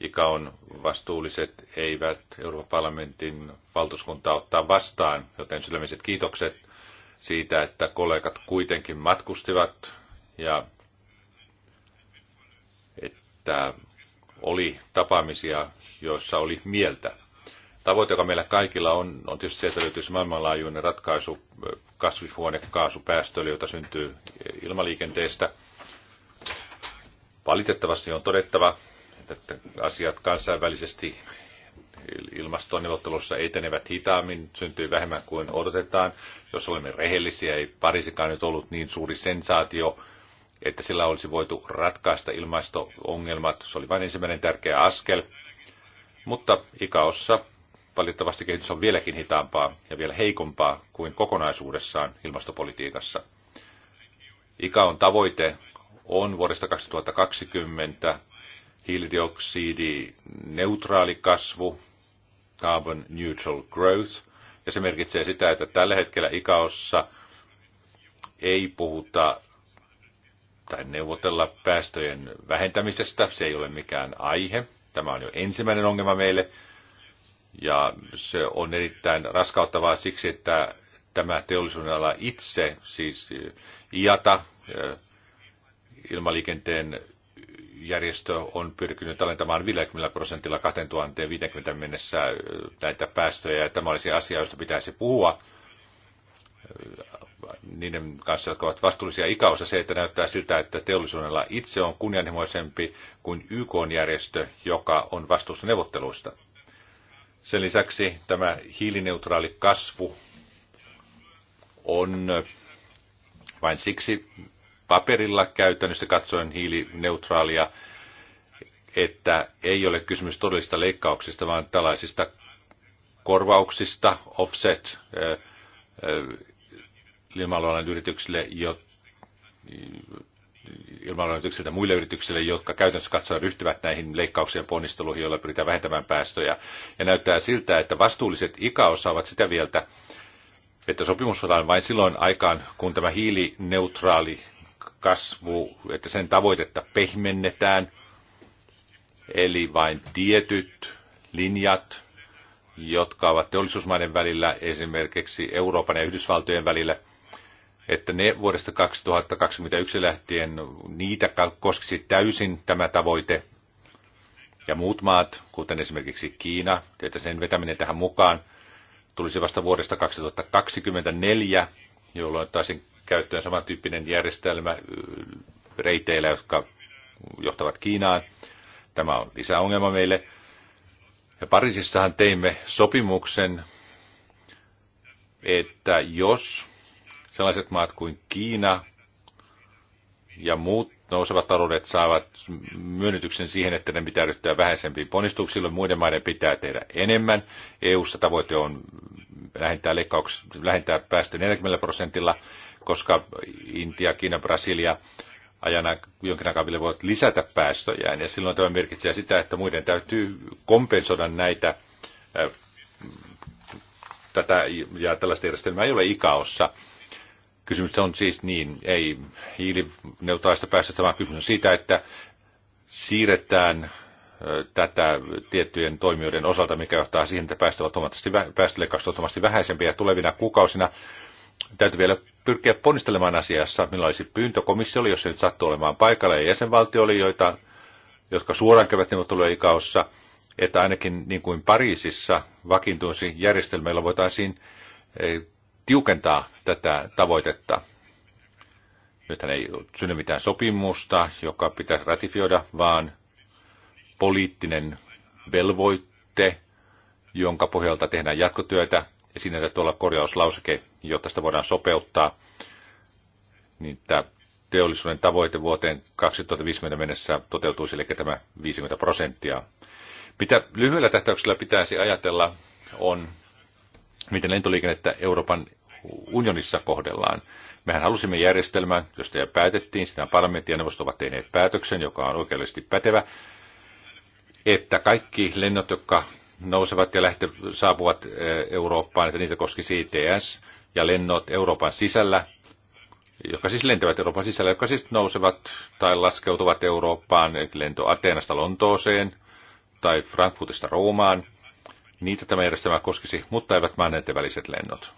ICAON vastuulliset eivät Euroopan parlamentin valtuuskuntaa ottaa vastaan, joten sydämiset kiitokset siitä, että kollegat kuitenkin matkustivat ja että oli tapaamisia, joissa oli mieltä. Tavoite, joka meillä kaikilla on, on tietysti se, että löytyisi maailmanlaajuinen ratkaisu kasvihuonekaasupäästöille, jota syntyy ilmaliikenteestä – Valitettavasti on todettava, että asiat kansainvälisesti ilmastoneuvottelussa etenevät hitaammin, syntyy vähemmän kuin odotetaan. Jos olemme rehellisiä, ei Pariisikaan nyt ollut niin suuri sensaatio, että sillä olisi voitu ratkaista ilmasto-ongelmat. Se oli vain ensimmäinen tärkeä askel. Mutta ikaossa valitettavasti kehitys on vieläkin hitaampaa ja vielä heikompaa kuin kokonaisuudessaan ilmastopolitiikassa. Ika on tavoite, on vuodesta 2020 hiilidioksidineutraali kasvu, carbon neutral growth, ja se merkitsee sitä, että tällä hetkellä ikaossa ei puhuta tai neuvotella päästöjen vähentämisestä. Se ei ole mikään aihe. Tämä on jo ensimmäinen ongelma meille. Ja se on erittäin raskauttavaa siksi, että tämä teollisuuden ala itse, siis IATA, ilmaliikenteen järjestö on pyrkinyt alentamaan 50 prosentilla 2050 mennessä näitä päästöjä. Ja tämä olisi asia, josta pitäisi puhua niiden kanssa, jotka ovat vastuullisia ikäosa se, että näyttää siltä, että teollisuudella itse on kunnianhimoisempi kuin YK-järjestö, joka on vastuussa neuvotteluista. Sen lisäksi tämä hiilineutraali kasvu on vain siksi paperilla käytännössä katsoen hiilineutraalia, että ei ole kysymys todellisista leikkauksista, vaan tällaisista korvauksista, offset ilmailualan yrityksille, jo, ilmailualan yrityksiltä muille yrityksille, jotka käytännössä katsoen ryhtyvät näihin leikkauksien ponnisteluihin, joilla pyritään vähentämään päästöjä. Ja näyttää siltä, että vastuulliset ICAO saavat sitä vielä, että sopimus saadaan vain silloin aikaan, kun tämä hiilineutraali kasvu, että sen tavoitetta pehmennetään, eli vain tietyt linjat, jotka ovat teollisuusmaiden välillä, esimerkiksi Euroopan ja Yhdysvaltojen välillä, että ne vuodesta 2021 lähtien, niitä koskisi täysin tämä tavoite, ja muut maat, kuten esimerkiksi Kiina, että sen vetäminen tähän mukaan tulisi vasta vuodesta 2024, jolloin taisin käyttöön samantyyppinen järjestelmä reiteillä, jotka johtavat Kiinaan. Tämä on lisäongelma meille. Ja Pariisissahan teimme sopimuksen, että jos sellaiset maat kuin Kiina ja muut nousevat taloudet saavat myönnytyksen siihen, että ne pitää ryhtyä vähäisempiin ponnistuksiin, muiden maiden pitää tehdä enemmän. EU-ssa tavoite on lähentää, lähentää päästö 40 prosentilla koska Intia, Kiina, Brasilia ajana jonkin aikaa vielä voivat lisätä päästöjään. Ja silloin tämä merkitsee sitä, että muiden täytyy kompensoida näitä tätä, ja tällaista järjestelmää ei ole ikaossa. Kysymys on siis niin, ei hiilineutraalista päästöstä, vaan kysymys on siitä, että siirretään tätä tiettyjen toimijoiden osalta, mikä johtaa siihen, että päästöt ovat huomattavasti, päästölle vähäisempiä tulevina kuukausina. Täytyy vielä pyrkiä ponnistelemaan asiassa. millä olisi pyyntö komissiolle, jos se nyt sattuu olemaan paikalla, ja oli, joita, jotka suoraan kävät neuvottelujen ikaossa, että ainakin niin kuin Pariisissa vakiintuisi järjestelmällä voitaisiin eh, tiukentaa tätä tavoitetta. Nythän ei synny mitään sopimusta, joka pitäisi ratifioida, vaan poliittinen velvoitte, jonka pohjalta tehdään jatkotyötä ja tuolla täytyy olla korjauslauseke, jotta sitä voidaan sopeuttaa, niin tämä teollisuuden tavoite vuoteen 2050 mennessä toteutuu eli tämä 50 prosenttia. Mitä lyhyellä tähtäyksellä pitäisi ajatella on, miten lentoliikennettä Euroopan unionissa kohdellaan. Mehän halusimme järjestelmän, josta jo päätettiin, sitä parlamentti ja neuvosto ovat tehneet päätöksen, joka on oikeudellisesti pätevä, että kaikki lennot, jotka nousevat ja lähtevät, saapuvat Eurooppaan, että niitä koski CTS ja lennot Euroopan sisällä, jotka siis lentävät Euroopan sisällä, jotka siis nousevat tai laskeutuvat Eurooppaan, lento Ateenasta Lontooseen tai Frankfurtista Roomaan. Niitä tämä järjestelmä koskisi, mutta eivät maanneiden väliset lennot.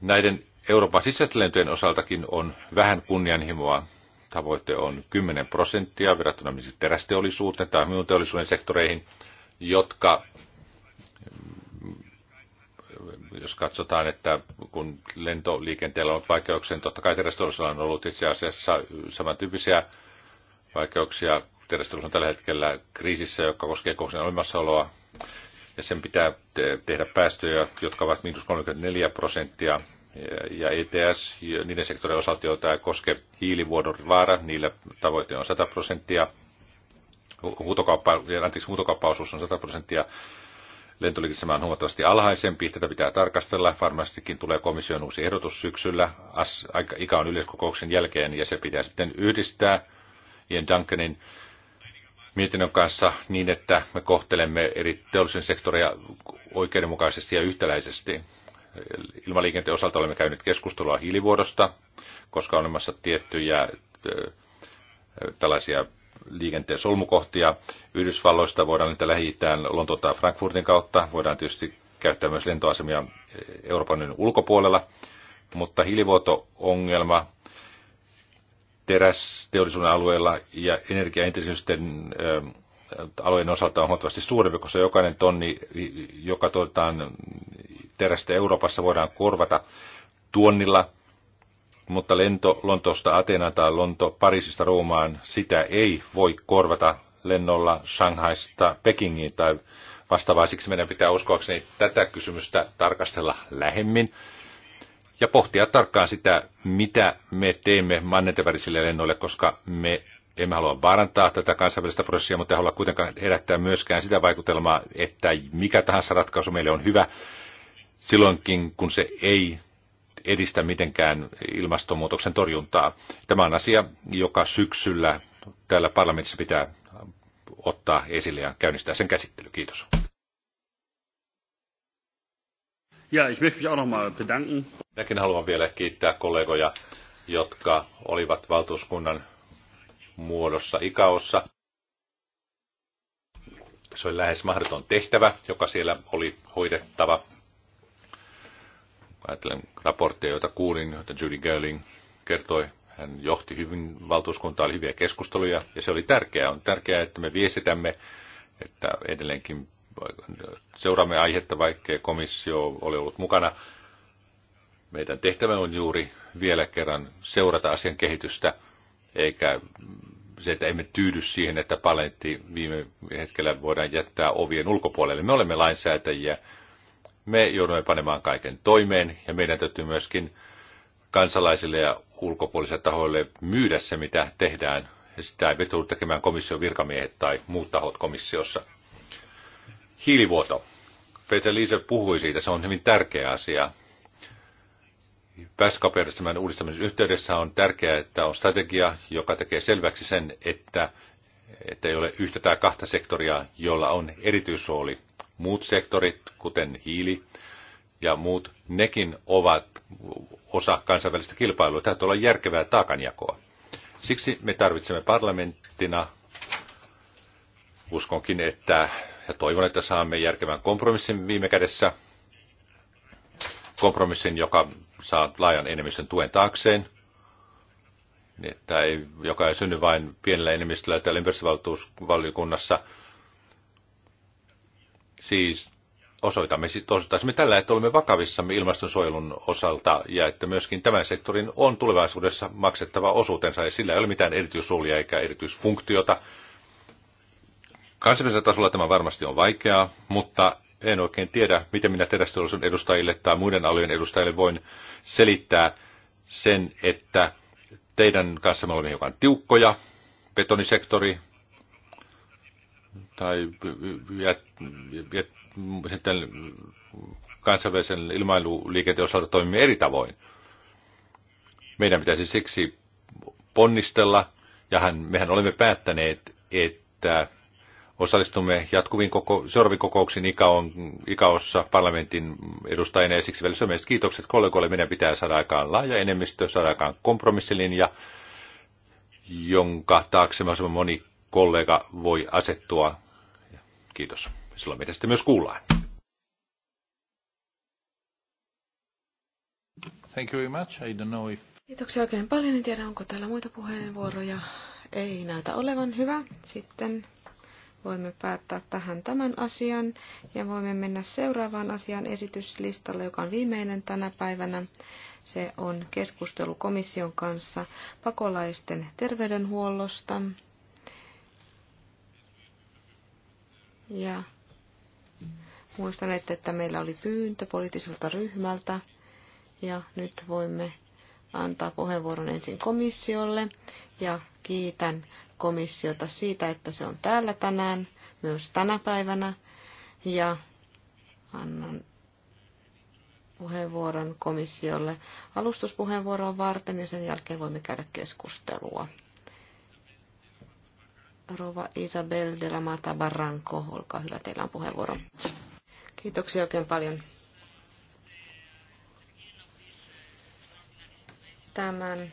Näiden Euroopan sisäisten lentojen osaltakin on vähän kunnianhimoa. Tavoite on 10 prosenttia verrattuna siis terästeollisuuteen tai muun teollisuuden sektoreihin – jotka, jos katsotaan, että kun lentoliikenteellä on ollut vaikeuksia, niin totta kai terästöllisellä on ollut itse asiassa samantyyppisiä vaikeuksia. Terästöllis on tällä hetkellä kriisissä, joka koskee kohdisen olemassaoloa, ja sen pitää tehdä päästöjä, jotka ovat miinus 34 prosenttia, ja ETS, niiden sektorin osalta, joita koske hiilivuodon vaara, niillä tavoite on 100 prosenttia huutokauppa, anteeksi, huutokauppaosuus on 100 prosenttia on huomattavasti alhaisempi. Tätä pitää tarkastella. Varmastikin tulee komission uusi ehdotus syksyllä. As, ikä on yleiskokouksen jälkeen ja se pitää sitten yhdistää Ian Duncanin mietinnön kanssa niin, että me kohtelemme eri teollisen sektoria oikeudenmukaisesti ja yhtäläisesti. Ilmaliikenteen osalta olemme käyneet keskustelua hiilivuodosta, koska on olemassa tiettyjä tällaisia liikenteen solmukohtia. Yhdysvalloista voidaan niitä lähi Lontoota Frankfurtin kautta. Voidaan tietysti käyttää myös lentoasemia eh, Euroopan unionin ulkopuolella. Mutta hiilivuoto-ongelma terästeollisuuden alueella ja energiaintensiivisten eh, alueen osalta on huomattavasti suurempi, koska jokainen tonni, joka tuotetaan terästä Euroopassa, voidaan korvata tuonnilla – mutta lento Lontosta Atenaan tai Lonto Pariisista Roomaan, sitä ei voi korvata lennolla Shanghaista Pekingiin tai vastaavaisiksi, meidän pitää uskoakseni tätä kysymystä tarkastella lähemmin ja pohtia tarkkaan sitä, mitä me teemme mannetevärisille lennoille, koska me emme halua vaarantaa tätä kansainvälistä prosessia, mutta ei halua kuitenkaan herättää myöskään sitä vaikutelmaa, että mikä tahansa ratkaisu meille on hyvä silloinkin, kun se ei edistä mitenkään ilmastonmuutoksen torjuntaa. Tämä on asia, joka syksyllä täällä parlamentissa pitää ottaa esille ja käynnistää sen käsittely. Kiitos. Ja, ich möchte auch nochmal bedanken. Minäkin haluan vielä kiittää kollegoja, jotka olivat valtuuskunnan muodossa ikaossa. Se oli lähes mahdoton tehtävä, joka siellä oli hoidettava ajattelen raportteja, joita kuulin, joita Judy Gerling kertoi. Hän johti hyvin, valtuuskuntaa oli hyviä keskusteluja ja se oli tärkeää. On tärkeää, että me viestitämme, että edelleenkin seuraamme aihetta, vaikkei komissio ole ollut mukana. Meidän tehtävä on juuri vielä kerran seurata asian kehitystä, eikä se, että emme tyydy siihen, että paletti viime hetkellä voidaan jättää ovien ulkopuolelle. Me olemme lainsäätäjiä, me joudumme panemaan kaiken toimeen ja meidän täytyy myöskin kansalaisille ja ulkopuolisille tahoille myydä se, mitä tehdään. Ja sitä ei vetu tekemään komission virkamiehet tai muut tahot komissiossa. Hiilivuoto. Peter Liise puhui siitä, se on hyvin tärkeä asia. Päästökauppajärjestelmän uudistamisen yhteydessä on tärkeää, että on strategia, joka tekee selväksi sen, että että ei ole yhtä tai kahta sektoria, jolla on erityisrooli. Muut sektorit, kuten hiili ja muut, nekin ovat osa kansainvälistä kilpailua. Täytyy olla järkevää taakanjakoa. Siksi me tarvitsemme parlamenttina, uskonkin, että ja toivon, että saamme järkevän kompromissin viime kädessä. Kompromissin, joka saa laajan enemmistön tuen taakseen – niin, tai joka ei synny vain pienellä enemmistöllä täällä ympäristövaltuuskunnassa. Siis osoitamme, osoitamme tällä, että olemme vakavissamme ilmastonsuojelun osalta ja että myöskin tämän sektorin on tulevaisuudessa maksettava osuutensa ja sillä ei ole mitään erityisroolia eikä erityisfunktiota. Kansallisella tasolla tämä varmasti on vaikeaa, mutta en oikein tiedä, miten minä terästeollisuuden edustajille tai muiden alojen edustajille voin selittää sen, että teidän kanssa me olemme hiukan tiukkoja, betonisektori, tai jät, jät, sitten kansainvälisen ilmailuliikenteen osalta toimimme eri tavoin. Meidän pitäisi siksi ponnistella, ja mehän olemme päättäneet, että Osallistumme jatkuviin koko, seuraaviin kokouksiin ICAOn, ICAOssa parlamentin edustajina ja siksi välissä meistä kiitokset kollegoille. Meidän pitää saada aikaan laaja enemmistö, saada aikaan kompromissilinja, jonka taakse moni kollega voi asettua. Kiitos. Silloin meitä sitten myös kuullaan. Thank you very much. I don't know if... Kiitoksia oikein paljon. En tiedä, onko täällä muita puheenvuoroja. Ei näytä olevan hyvä. Sitten voimme päättää tähän tämän asian ja voimme mennä seuraavaan asian esityslistalle, joka on viimeinen tänä päivänä. Se on keskustelu komission kanssa pakolaisten terveydenhuollosta. Ja muistan, että meillä oli pyyntö poliittiselta ryhmältä ja nyt voimme antaa puheenvuoron ensin komissiolle ja kiitän komissiota siitä, että se on täällä tänään, myös tänä päivänä ja annan puheenvuoron komissiolle alustuspuheenvuoroa varten ja sen jälkeen voimme käydä keskustelua. Rova Isabel de la Mata Barranco, olkaa hyvä, teillä on puheenvuoro. Kiitoksia oikein paljon tämän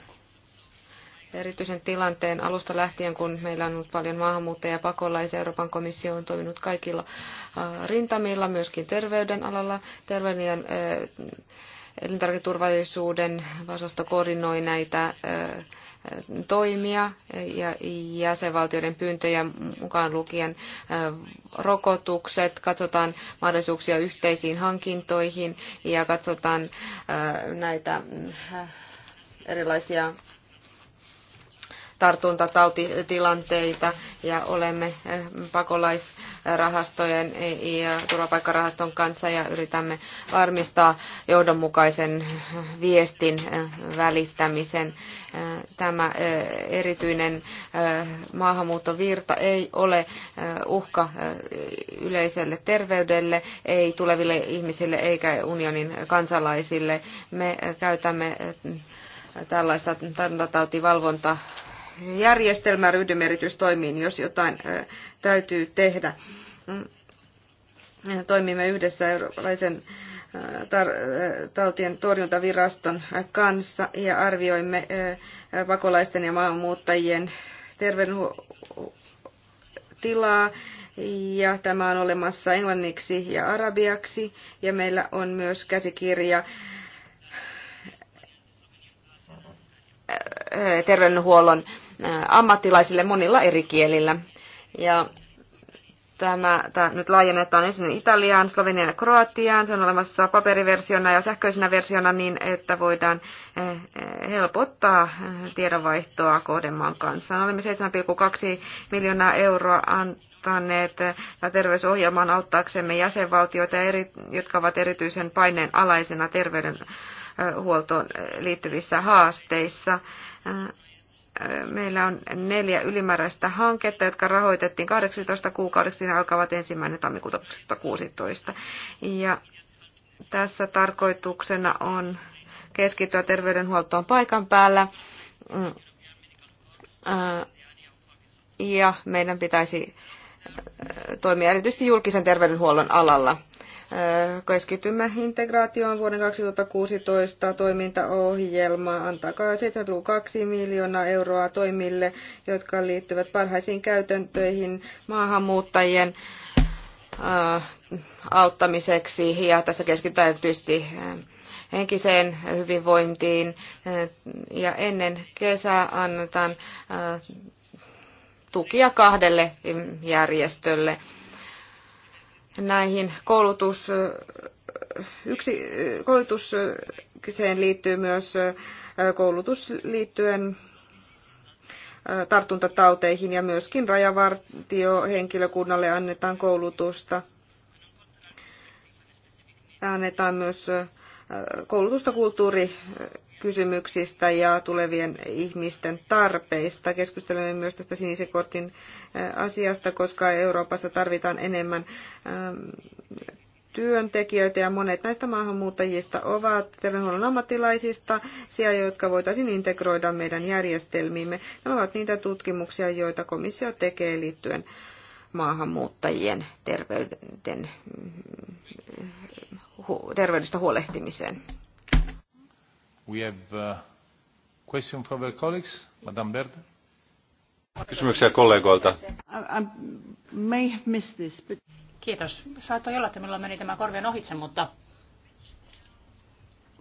erityisen tilanteen alusta lähtien, kun meillä on ollut paljon maahanmuuttajia ja pakolaisia. Euroopan komissio on toiminut kaikilla rintamilla, myöskin terveyden alalla. Terveyden ja elintarviketurvallisuuden vasasto koordinoi näitä toimia ja jäsenvaltioiden pyyntöjä mukaan lukien rokotukset, katsotaan mahdollisuuksia yhteisiin hankintoihin ja katsotaan näitä erilaisia tartuntatautitilanteita ja olemme eh, pakolaisrahastojen ja turvapaikkarahaston kanssa ja yritämme varmistaa johdonmukaisen viestin eh, välittämisen. Eh, tämä erityinen maahanmuuttovirta ei ole uhka yleiselle terveydelle, ei tuleville ihmisille eikä unionin kansalaisille. Me käytämme tällaista tartuntatautivalvontajärjestelmää ryhdymme erityistoimiin, jos jotain täytyy tehdä. Mm. Toimimme yhdessä eurooppalaisen tautien torjuntaviraston kanssa ja arvioimme pakolaisten ja maahanmuuttajien terveydenhuollon ja tämä on olemassa englanniksi ja arabiaksi ja meillä on myös käsikirja Eh, terveydenhuollon eh, ammattilaisille monilla eri kielillä. Ja tämä, tämä nyt laajennetaan ensin Italiaan, Sloveniaan ja Kroatiaan. Se on olemassa paperiversiona ja sähköisenä versiona niin, että voidaan eh, helpottaa tiedonvaihtoa kohdemaan kanssa. Olemme 7,2 miljoonaa euroa antaneet terveysohjelmaan auttaaksemme jäsenvaltioita, jotka ovat erityisen paineen alaisena terveyden huoltoon liittyvissä haasteissa. Meillä on neljä ylimääräistä hanketta, jotka rahoitettiin 18 kuukaudeksi. ja alkavat ensimmäinen tammikuuta 2016. Ja tässä tarkoituksena on keskittyä terveydenhuoltoon paikan päällä. Ja meidän pitäisi toimia erityisesti julkisen terveydenhuollon alalla. Keskitymme integraatioon vuoden 2016 toimintaohjelma antaa 7,2 miljoonaa euroa toimille, jotka liittyvät parhaisiin käytäntöihin maahanmuuttajien äh, auttamiseksi ja tässä keskitytään erityisesti äh, henkiseen hyvinvointiin äh, ja ennen kesää annetaan tukia kahdelle järjestölle näihin koulutus, yksi, koulutukseen liittyy myös koulutus liittyen tartuntatauteihin ja myöskin rajavartiohenkilökunnalle annetaan koulutusta. Annetaan myös koulutusta kulttuurikysymyksistä ja tulevien ihmisten tarpeista. Keskustelemme myös tästä sinisen kortin asiasta, koska Euroopassa tarvitaan enemmän työntekijöitä ja monet näistä maahanmuuttajista ovat terveydenhuollon ammattilaisista, siellä, jotka voitaisiin integroida meidän järjestelmiimme. Nämä ovat niitä tutkimuksia, joita komissio tekee liittyen maahanmuuttajien terveyden, mm, terveydestä huolehtimiseen. We have uh, question from our colleagues, Madame Berthe. Kysymyksiä kollegoilta. I, I may have missed this, but... Kiitos. Saattoi olla, että minulla meni tämä korvien ohitse, mutta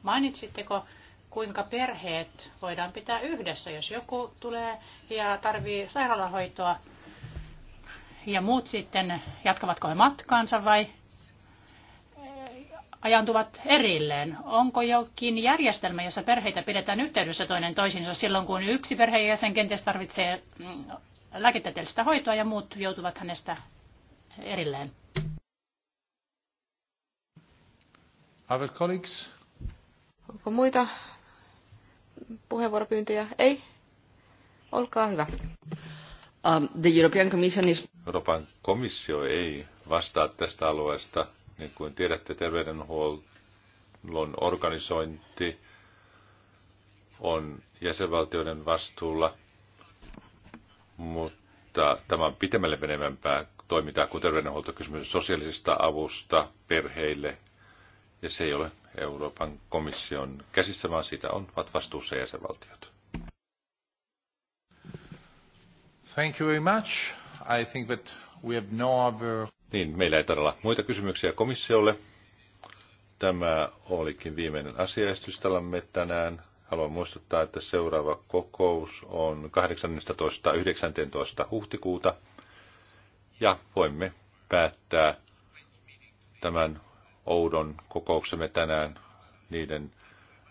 mainitsitteko, kuinka perheet voidaan pitää yhdessä, jos joku tulee ja tarvii sairaalahoitoa, ja muut sitten, jatkavatko he matkaansa vai ajantuvat erilleen? Onko jokin järjestelmä, jossa perheitä pidetään yhteydessä toinen toisiinsa silloin, kun yksi perheenjäsen kenties tarvitsee mm, lääketieteellistä hoitoa ja muut joutuvat hänestä erilleen? Other colleagues? Onko muita puheenvuoropyyntöjä? Ei? Olkaa hyvä. Um, the European Commission is... Euroopan komissio ei vastaa tästä alueesta. Niin kuin tiedätte, terveydenhuollon organisointi on jäsenvaltioiden vastuulla, mutta tämä on pitemmälle menevämpää toimintaa kuin terveydenhuoltokysymys sosiaalisesta avusta perheille, ja se ei ole Euroopan komission käsissä, vaan siitä on vastuussa jäsenvaltiot. Thank you very much. I think that we have no other... Niin, meillä ei todella muita kysymyksiä komissiolle. Tämä olikin viimeinen asiaistystämme tänään. Haluan muistuttaa, että seuraava kokous on 18.19. huhtikuuta. Ja voimme päättää tämän oudon kokouksemme tänään niiden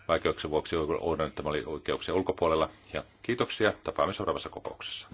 vaikeuksien vuoksi oudon, että oli oikeuksien ulkopuolella. Ja kiitoksia. Tapaamme seuraavassa kokouksessa.